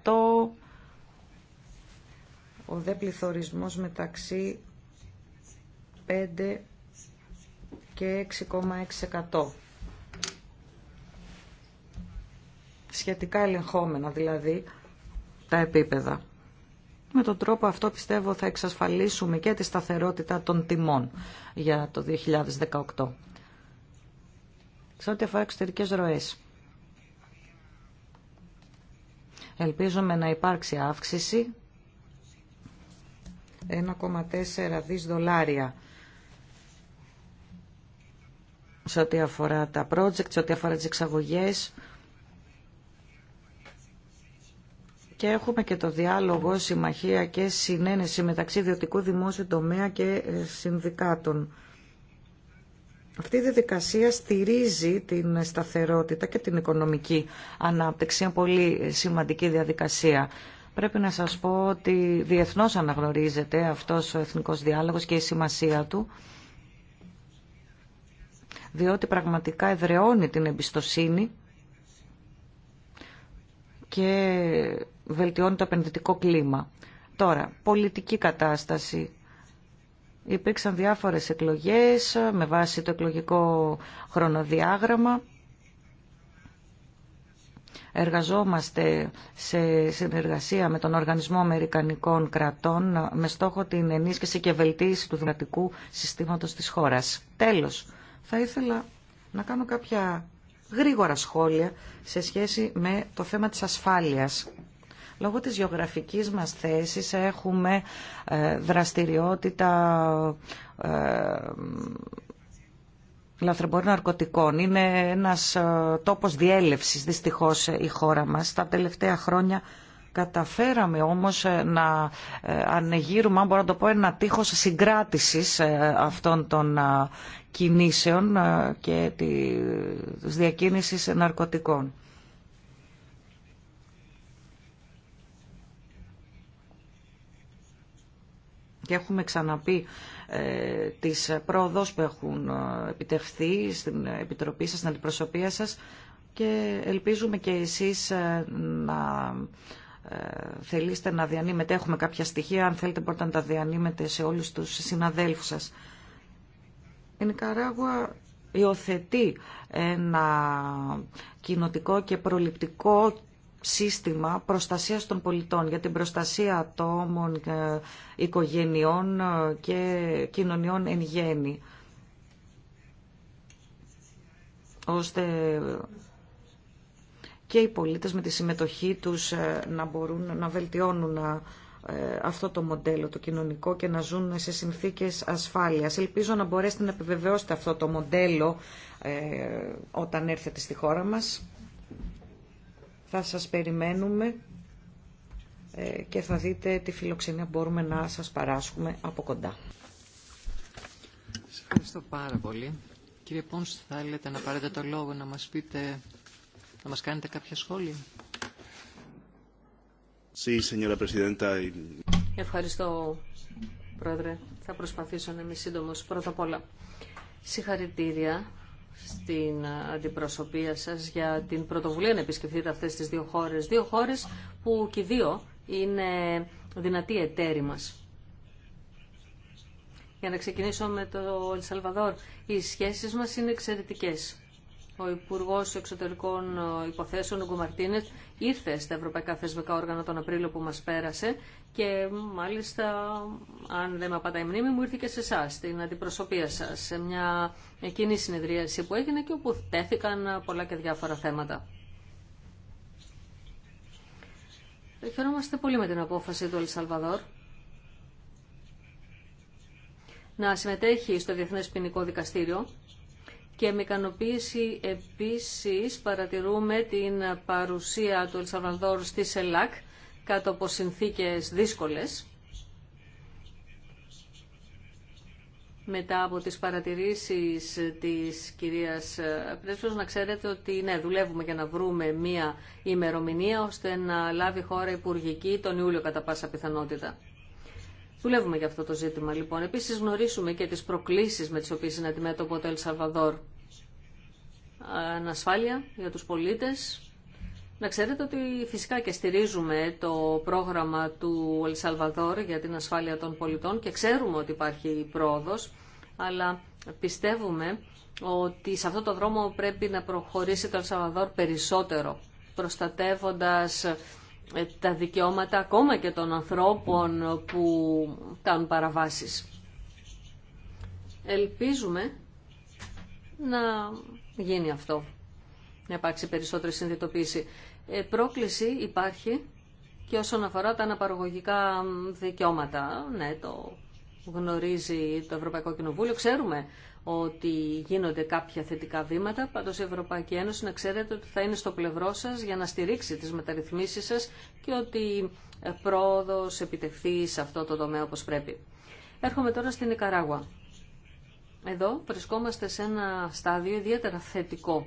ο δε πληθωρισμός μεταξύ 5 και 6,6%. σχετικά ελεγχόμενα, δηλαδή τα επίπεδα. Με τον τρόπο αυτό πιστεύω θα εξασφαλίσουμε και τη σταθερότητα των τιμών για το 2018. Σε ό,τι αφορά εξωτερικέ ροέ. Ελπίζουμε να υπάρξει αύξηση 1,4 δις δολάρια σε ό,τι αφορά τα project, σε ό,τι αφορά τις εξαγωγές και έχουμε και το διάλογο, συμμαχία και συνένεση μεταξύ ιδιωτικού δημόσιου τομέα και ε, συνδικάτων. Αυτή η διαδικασία στηρίζει την σταθερότητα και την οικονομική ανάπτυξη, Είναι πολύ σημαντική διαδικασία. Πρέπει να σας πω ότι διεθνώς αναγνωρίζεται αυτός ο εθνικός διάλογος και η σημασία του, διότι πραγματικά εδραιώνει την εμπιστοσύνη και βελτιώνει το επενδυτικό κλίμα. Τώρα, πολιτική κατάσταση. Υπήρξαν διάφορες εκλογές με βάση το εκλογικό χρονοδιάγραμμα. Εργαζόμαστε σε συνεργασία με τον Οργανισμό Αμερικανικών Κρατών με στόχο την ενίσχυση και βελτίωση του δημοκρατικού συστήματος της χώρας. Τέλος, θα ήθελα να κάνω κάποια γρήγορα σχόλια σε σχέση με το θέμα της ασφάλειας. Λόγω της γεωγραφικής μας θέσης έχουμε ε, δραστηριότητα ε, λαθρεμπόριο ναρκωτικών. Είναι ένας ε, τόπος διέλευσης δυστυχώς η χώρα μας. Τα τελευταία χρόνια Καταφέραμε όμως ε, να ε, ανεγείρουμε, αν μπορώ να το πω, ένα τείχος συγκράτησης ε, αυτών των κινήσεων και της διακίνησης ναρκωτικών. Και έχουμε ξαναπεί ε, τις πρόοδος που έχουν επιτευχθεί στην Επιτροπή σας, στην αντιπροσωπεία σας και ελπίζουμε και εσείς να Θελήστε να διανύμετε, έχουμε κάποια στοιχεία, αν θέλετε μπορείτε να τα διανύμετε σε όλους τους συναδέλφους σας. Η Νικαράγουα υιοθετεί ένα κοινοτικό και προληπτικό σύστημα προστασίας των πολιτών για την προστασία ατόμων, ε, οικογενειών ε, και κοινωνιών εν γέννη ώστε και οι πολίτες με τη συμμετοχή τους ε, να μπορούν να βελτιώνουν ε, αυτό το μοντέλο το κοινωνικό και να ζουν σε συνθήκες ασφάλειας. Ελπίζω να μπορέσετε να επιβεβαιώσετε αυτό το μοντέλο ε, όταν έρθετε στη χώρα μας. Θα σας περιμένουμε και θα δείτε τη φιλοξενία που μπορούμε να σας παράσχουμε από κοντά. Σας ευχαριστώ πάρα πολύ. Κύριε Πόνς, θα θέλετε να πάρετε το λόγο να μας πείτε να μας κάνετε κάποια σχόλια. Ευχαριστώ, Πρόεδρε. Θα προσπαθήσω να είμαι σύντομο. Πρώτα απ' όλα, συγχαρητήρια στην αντιπροσωπεία σα για την πρωτοβουλία να επισκεφτείτε αυτέ τι δύο χώρες. Δύο χώρε που και οι δύο είναι δυνατοί εταίροι μα. Για να ξεκινήσω με το Ελσαλβαδόρ, οι σχέσει μα είναι εξαιρετικέ ο Υπουργό Εξωτερικών Υποθέσεων, ο Μαρτίνε, ήρθε στα ευρωπαϊκά θεσμικά όργανα τον Απρίλιο που μα πέρασε και μάλιστα, αν δεν με απατάει η μνήμη μου, ήρθε και σε εσά, στην αντιπροσωπεία σα, σε μια εκείνη συνεδρίαση που έγινε και όπου τέθηκαν πολλά και διάφορα θέματα. Χαιρόμαστε πολύ με την απόφαση του Ελσαλβαδόρ να συμμετέχει στο Διεθνές Ποινικό Δικαστήριο και με ικανοποίηση επίσης παρατηρούμε την παρουσία του Ελσαβανδόρου στη ΣΕΛΑΚ κάτω από συνθήκες δύσκολες. Μετά από τις παρατηρήσεις της κυρίας Πρέσβος, να ξέρετε ότι ναι, δουλεύουμε για να βρούμε μία ημερομηνία ώστε να λάβει χώρα υπουργική τον Ιούλιο κατά πάσα πιθανότητα. Δουλεύουμε για αυτό το ζήτημα λοιπόν. Επίσης γνωρίσουμε και τις προκλήσεις με τις οποίες είναι αντιμέτωπο το Ελσαλβαδόρ. Ανασφάλεια για τους πολίτες. Να ξέρετε ότι φυσικά και στηρίζουμε το πρόγραμμα του Ελσαλβαδόρ για την ασφάλεια των πολιτών και ξέρουμε ότι υπάρχει πρόοδος, αλλά πιστεύουμε ότι σε αυτό το δρόμο πρέπει να προχωρήσει το Ελσαλβαδόρ περισσότερο, προστατεύοντας ε, τα δικαιώματα ακόμα και των ανθρώπων που κάνουν παραβάσεις. Ελπίζουμε να γίνει αυτό, να υπάρξει περισσότερη συνειδητοποίηση. Ε, πρόκληση υπάρχει και όσον αφορά τα αναπαραγωγικά δικαιώματα. Ναι, το γνωρίζει το Ευρωπαϊκό Κοινοβούλιο. Ξέρουμε ότι γίνονται κάποια θετικά βήματα. Πάντω η Ευρωπαϊκή Ένωση να ξέρετε ότι θα είναι στο πλευρό σα για να στηρίξει τι μεταρρυθμίσει σα και ότι ε, πρόοδο επιτευχθεί σε αυτό το τομέα όπω πρέπει. Έρχομαι τώρα στην Νικαράγουα. Εδώ βρισκόμαστε σε ένα στάδιο ιδιαίτερα θετικό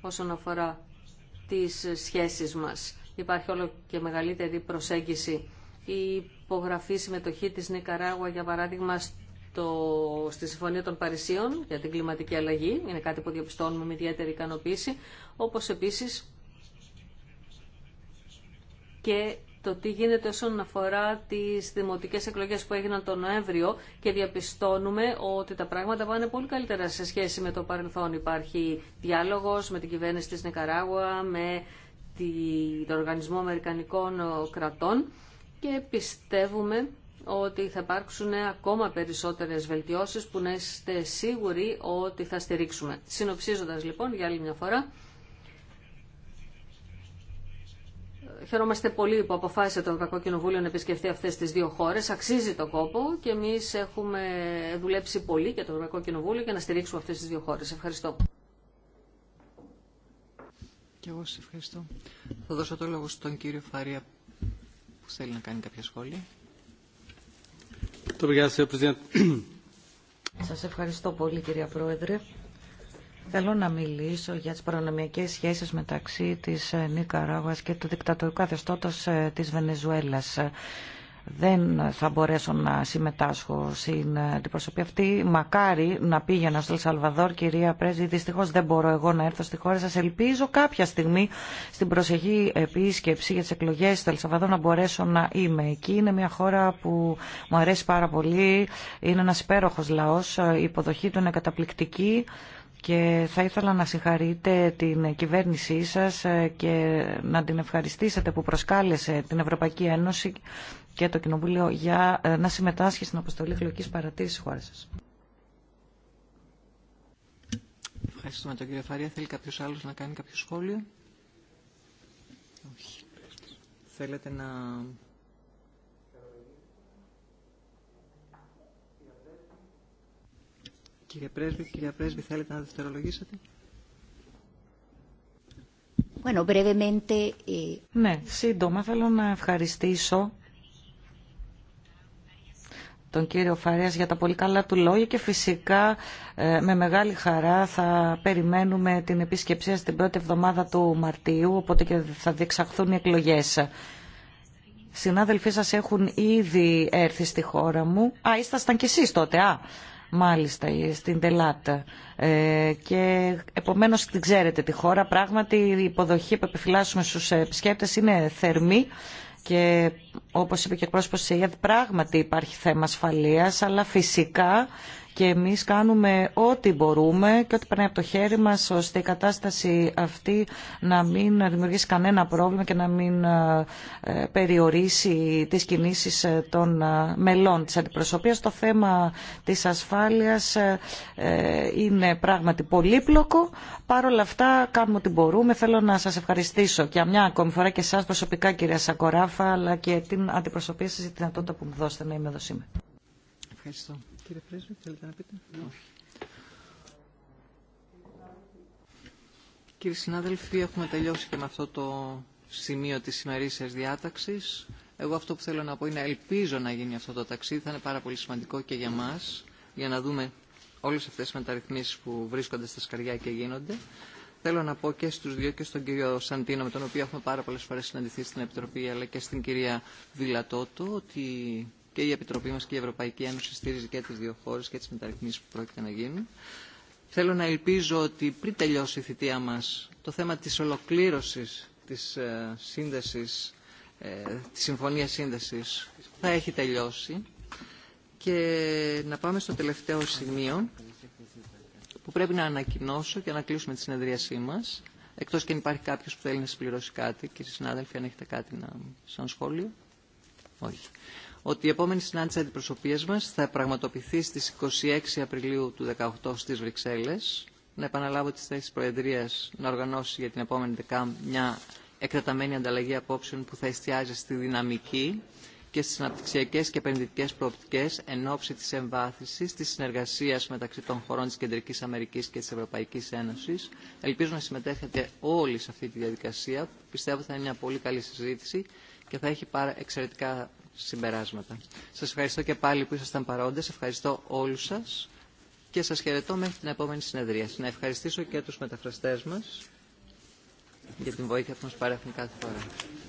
όσον αφορά τις σχέσεις μας. Υπάρχει όλο και μεγαλύτερη προσέγγιση. Η υπογραφή συμμετοχή της Νικαράγουα, για παράδειγμα, το, στη Συμφωνία των Παρισίων για την κλιματική αλλαγή. Είναι κάτι που διαπιστώνουμε με ιδιαίτερη ικανοποίηση. Όπως επίσης και το τι γίνεται όσον αφορά τις δημοτικές εκλογές που έγιναν τον Νοέμβριο και διαπιστώνουμε ότι τα πράγματα πάνε πολύ καλύτερα σε σχέση με το παρελθόν. Υπάρχει διάλογος με την κυβέρνηση της Νικαράγουα, με τον Οργανισμό Αμερικανικών Κρατών και πιστεύουμε ότι θα υπάρξουν ακόμα περισσότερες βελτιώσεις που να είστε σίγουροι ότι θα στηρίξουμε. Συνοψίζοντας λοιπόν για άλλη μια φορά, χαιρόμαστε πολύ που αποφάσισε το Ευρωπαϊκό Κοινοβούλιο να επισκεφτεί αυτέ τι δύο χώρε. Αξίζει το κόπο και εμεί έχουμε δουλέψει πολύ και το Ευρωπαϊκό Κοινοβούλιο για να στηρίξουμε αυτέ τι δύο χώρε. Ευχαριστώ. Και εγώ σα ευχαριστώ. Θα δώσω το λόγο στον κύριο Φαρία που θέλει να κάνει κάποια σχόλια. Σας ευχαριστώ πολύ κυρία Πρόεδρε. Θέλω να μιλήσω για τις παρανομιακές σχέσεις μεταξύ της Νίκαράγουας και του δικτατορικού καθεστώτος ε, της Βενεζουέλας δεν θα μπορέσω να συμμετάσχω στην αντιπροσωπή αυτή. Μακάρι να πήγαινα στο Ελσαλβαδόρ, κυρία Πρέζη. Δυστυχώ δεν μπορώ εγώ να έρθω στη χώρα σα. Ελπίζω κάποια στιγμή στην προσεχή επίσκεψη για τι εκλογέ στο Ελσαλβαδόρ να μπορέσω να είμαι εκεί. Είναι μια χώρα που μου αρέσει πάρα πολύ. Είναι ένα υπέροχο λαό. Η υποδοχή του είναι καταπληκτική και θα ήθελα να συγχαρείτε την κυβέρνησή σας και να την ευχαριστήσετε που προσκάλεσε την Ευρωπαϊκή Ένωση και το Κοινοβούλιο για ε, να συμμετάσχει στην αποστολή εκλογικής παρατήρησης της χώρας σας. Ευχαριστούμε τον κύριο Φαρία. Θέλει κάποιος άλλος να κάνει κάποιο σχόλιο. Όχι. Θέλετε να... Κύριε Πρέσβη, κυρία Πρέσβη, θέλετε να δευτερολογήσετε. Bueno, brevemente... Ε, ναι, σύντομα θέλω να ευχαριστήσω τον κύριο Φαρέας για τα πολύ καλά του λόγια και φυσικά ε, με μεγάλη χαρά θα περιμένουμε την επίσκεψή την πρώτη εβδομάδα του Μαρτίου, οπότε και θα διεξαχθούν οι εκλογές. Συνάδελφοί σας έχουν ήδη έρθει στη χώρα μου. Α, ήσασταν κι εσείς τότε, α. Μάλιστα, ε, στην Τελάτα. Ε, και επομένως την ξέρετε τη χώρα. Πράγματι η υποδοχή που επιφυλάσσουμε στους επισκέπτες είναι θερμή και όπως είπε και ο πρόσωπος πράγματι υπάρχει θέμα ασφαλείας, αλλά φυσικά και εμείς κάνουμε ό,τι μπορούμε και ό,τι περνάει από το χέρι μας ώστε η κατάσταση αυτή να μην δημιουργήσει κανένα πρόβλημα και να μην ε, ε, περιορίσει τις κινήσεις ε, των μελών της αντιπροσωπείας. Το θέμα της ασφάλειας είναι πράγματι πολύπλοκο. Παρ' όλα αυτά κάνουμε ό,τι μπορούμε. Θέλω να σας ευχαριστήσω για μια ακόμη φορά και εσάς προσωπικά κυρία Σακοράφα αλλά και την αντιπροσωπεία σας για τη δυνατότητα που μου δώσετε να είμαι εδώ σήμερα. Ευχαριστώ. Κύριε Πρέσβη, θέλετε να πείτε. Όχι. Κύριοι συνάδελφοι, έχουμε τελειώσει και με αυτό το σημείο της σημερίσης διάταξης. Εγώ αυτό που θέλω να πω είναι ελπίζω να γίνει αυτό το ταξίδι. Θα είναι πάρα πολύ σημαντικό και για μας, για να δούμε όλες αυτές τις μεταρρυθμίσεις που βρίσκονται στα σκαριά και γίνονται. Θέλω να πω και στους δύο και στον κύριο Σαντίνο, με τον οποίο έχουμε πάρα πολλές φορές συναντηθεί στην Επιτροπή, αλλά και στην κυρία Βιλατότο, ότι και η Επιτροπή μας και η Ευρωπαϊκή Ένωση στήριζε και τις δύο χώρες και τις μεταρρυθμίσεις που πρόκειται να γίνουν. Θέλω να ελπίζω ότι πριν τελειώσει η θητεία μας το θέμα της ολοκλήρωσης της ε, σύνδεσης, ε, της συμφωνίας σύνδεσης θα έχει τελειώσει και να πάμε στο τελευταίο σημείο που πρέπει να ανακοινώσω και να κλείσουμε τη συνεδρίασή μας εκτός και αν υπάρχει κάποιος που θέλει να συμπληρώσει κάτι και συνάδελφοι αν έχετε κάτι να... σαν σχόλιο. Όχι ότι η επόμενη συνάντηση αντιπροσωπείας μας θα πραγματοποιηθεί στις 26 Απριλίου του 2018 στις Βρυξέλλες. Να επαναλάβω τις θέσεις Προεδρίας να οργανώσει για την επόμενη δεκά μια εκτεταμένη ανταλλαγή απόψεων που θα εστιάζει στη δυναμική και στις αναπτυξιακές και επενδυτικές προοπτικές εν ώψη της εμβάθυνσης της συνεργασίας μεταξύ των χωρών της Κεντρικής Αμερικής και της Ευρωπαϊκής Ένωσης. Ελπίζω να συμμετέχετε όλοι σε αυτή τη διαδικασία. Πιστεύω θα είναι μια πολύ καλή συζήτηση και θα έχει πάρα εξαιρετικά συμπεράσματα. Σας ευχαριστώ και πάλι που ήσασταν παρόντες. Ευχαριστώ όλους σας και σας χαιρετώ μέχρι την επόμενη συνεδρία. Να ευχαριστήσω και τους μεταφραστές μας για την βοήθεια που μας παρέχουν κάθε φορά.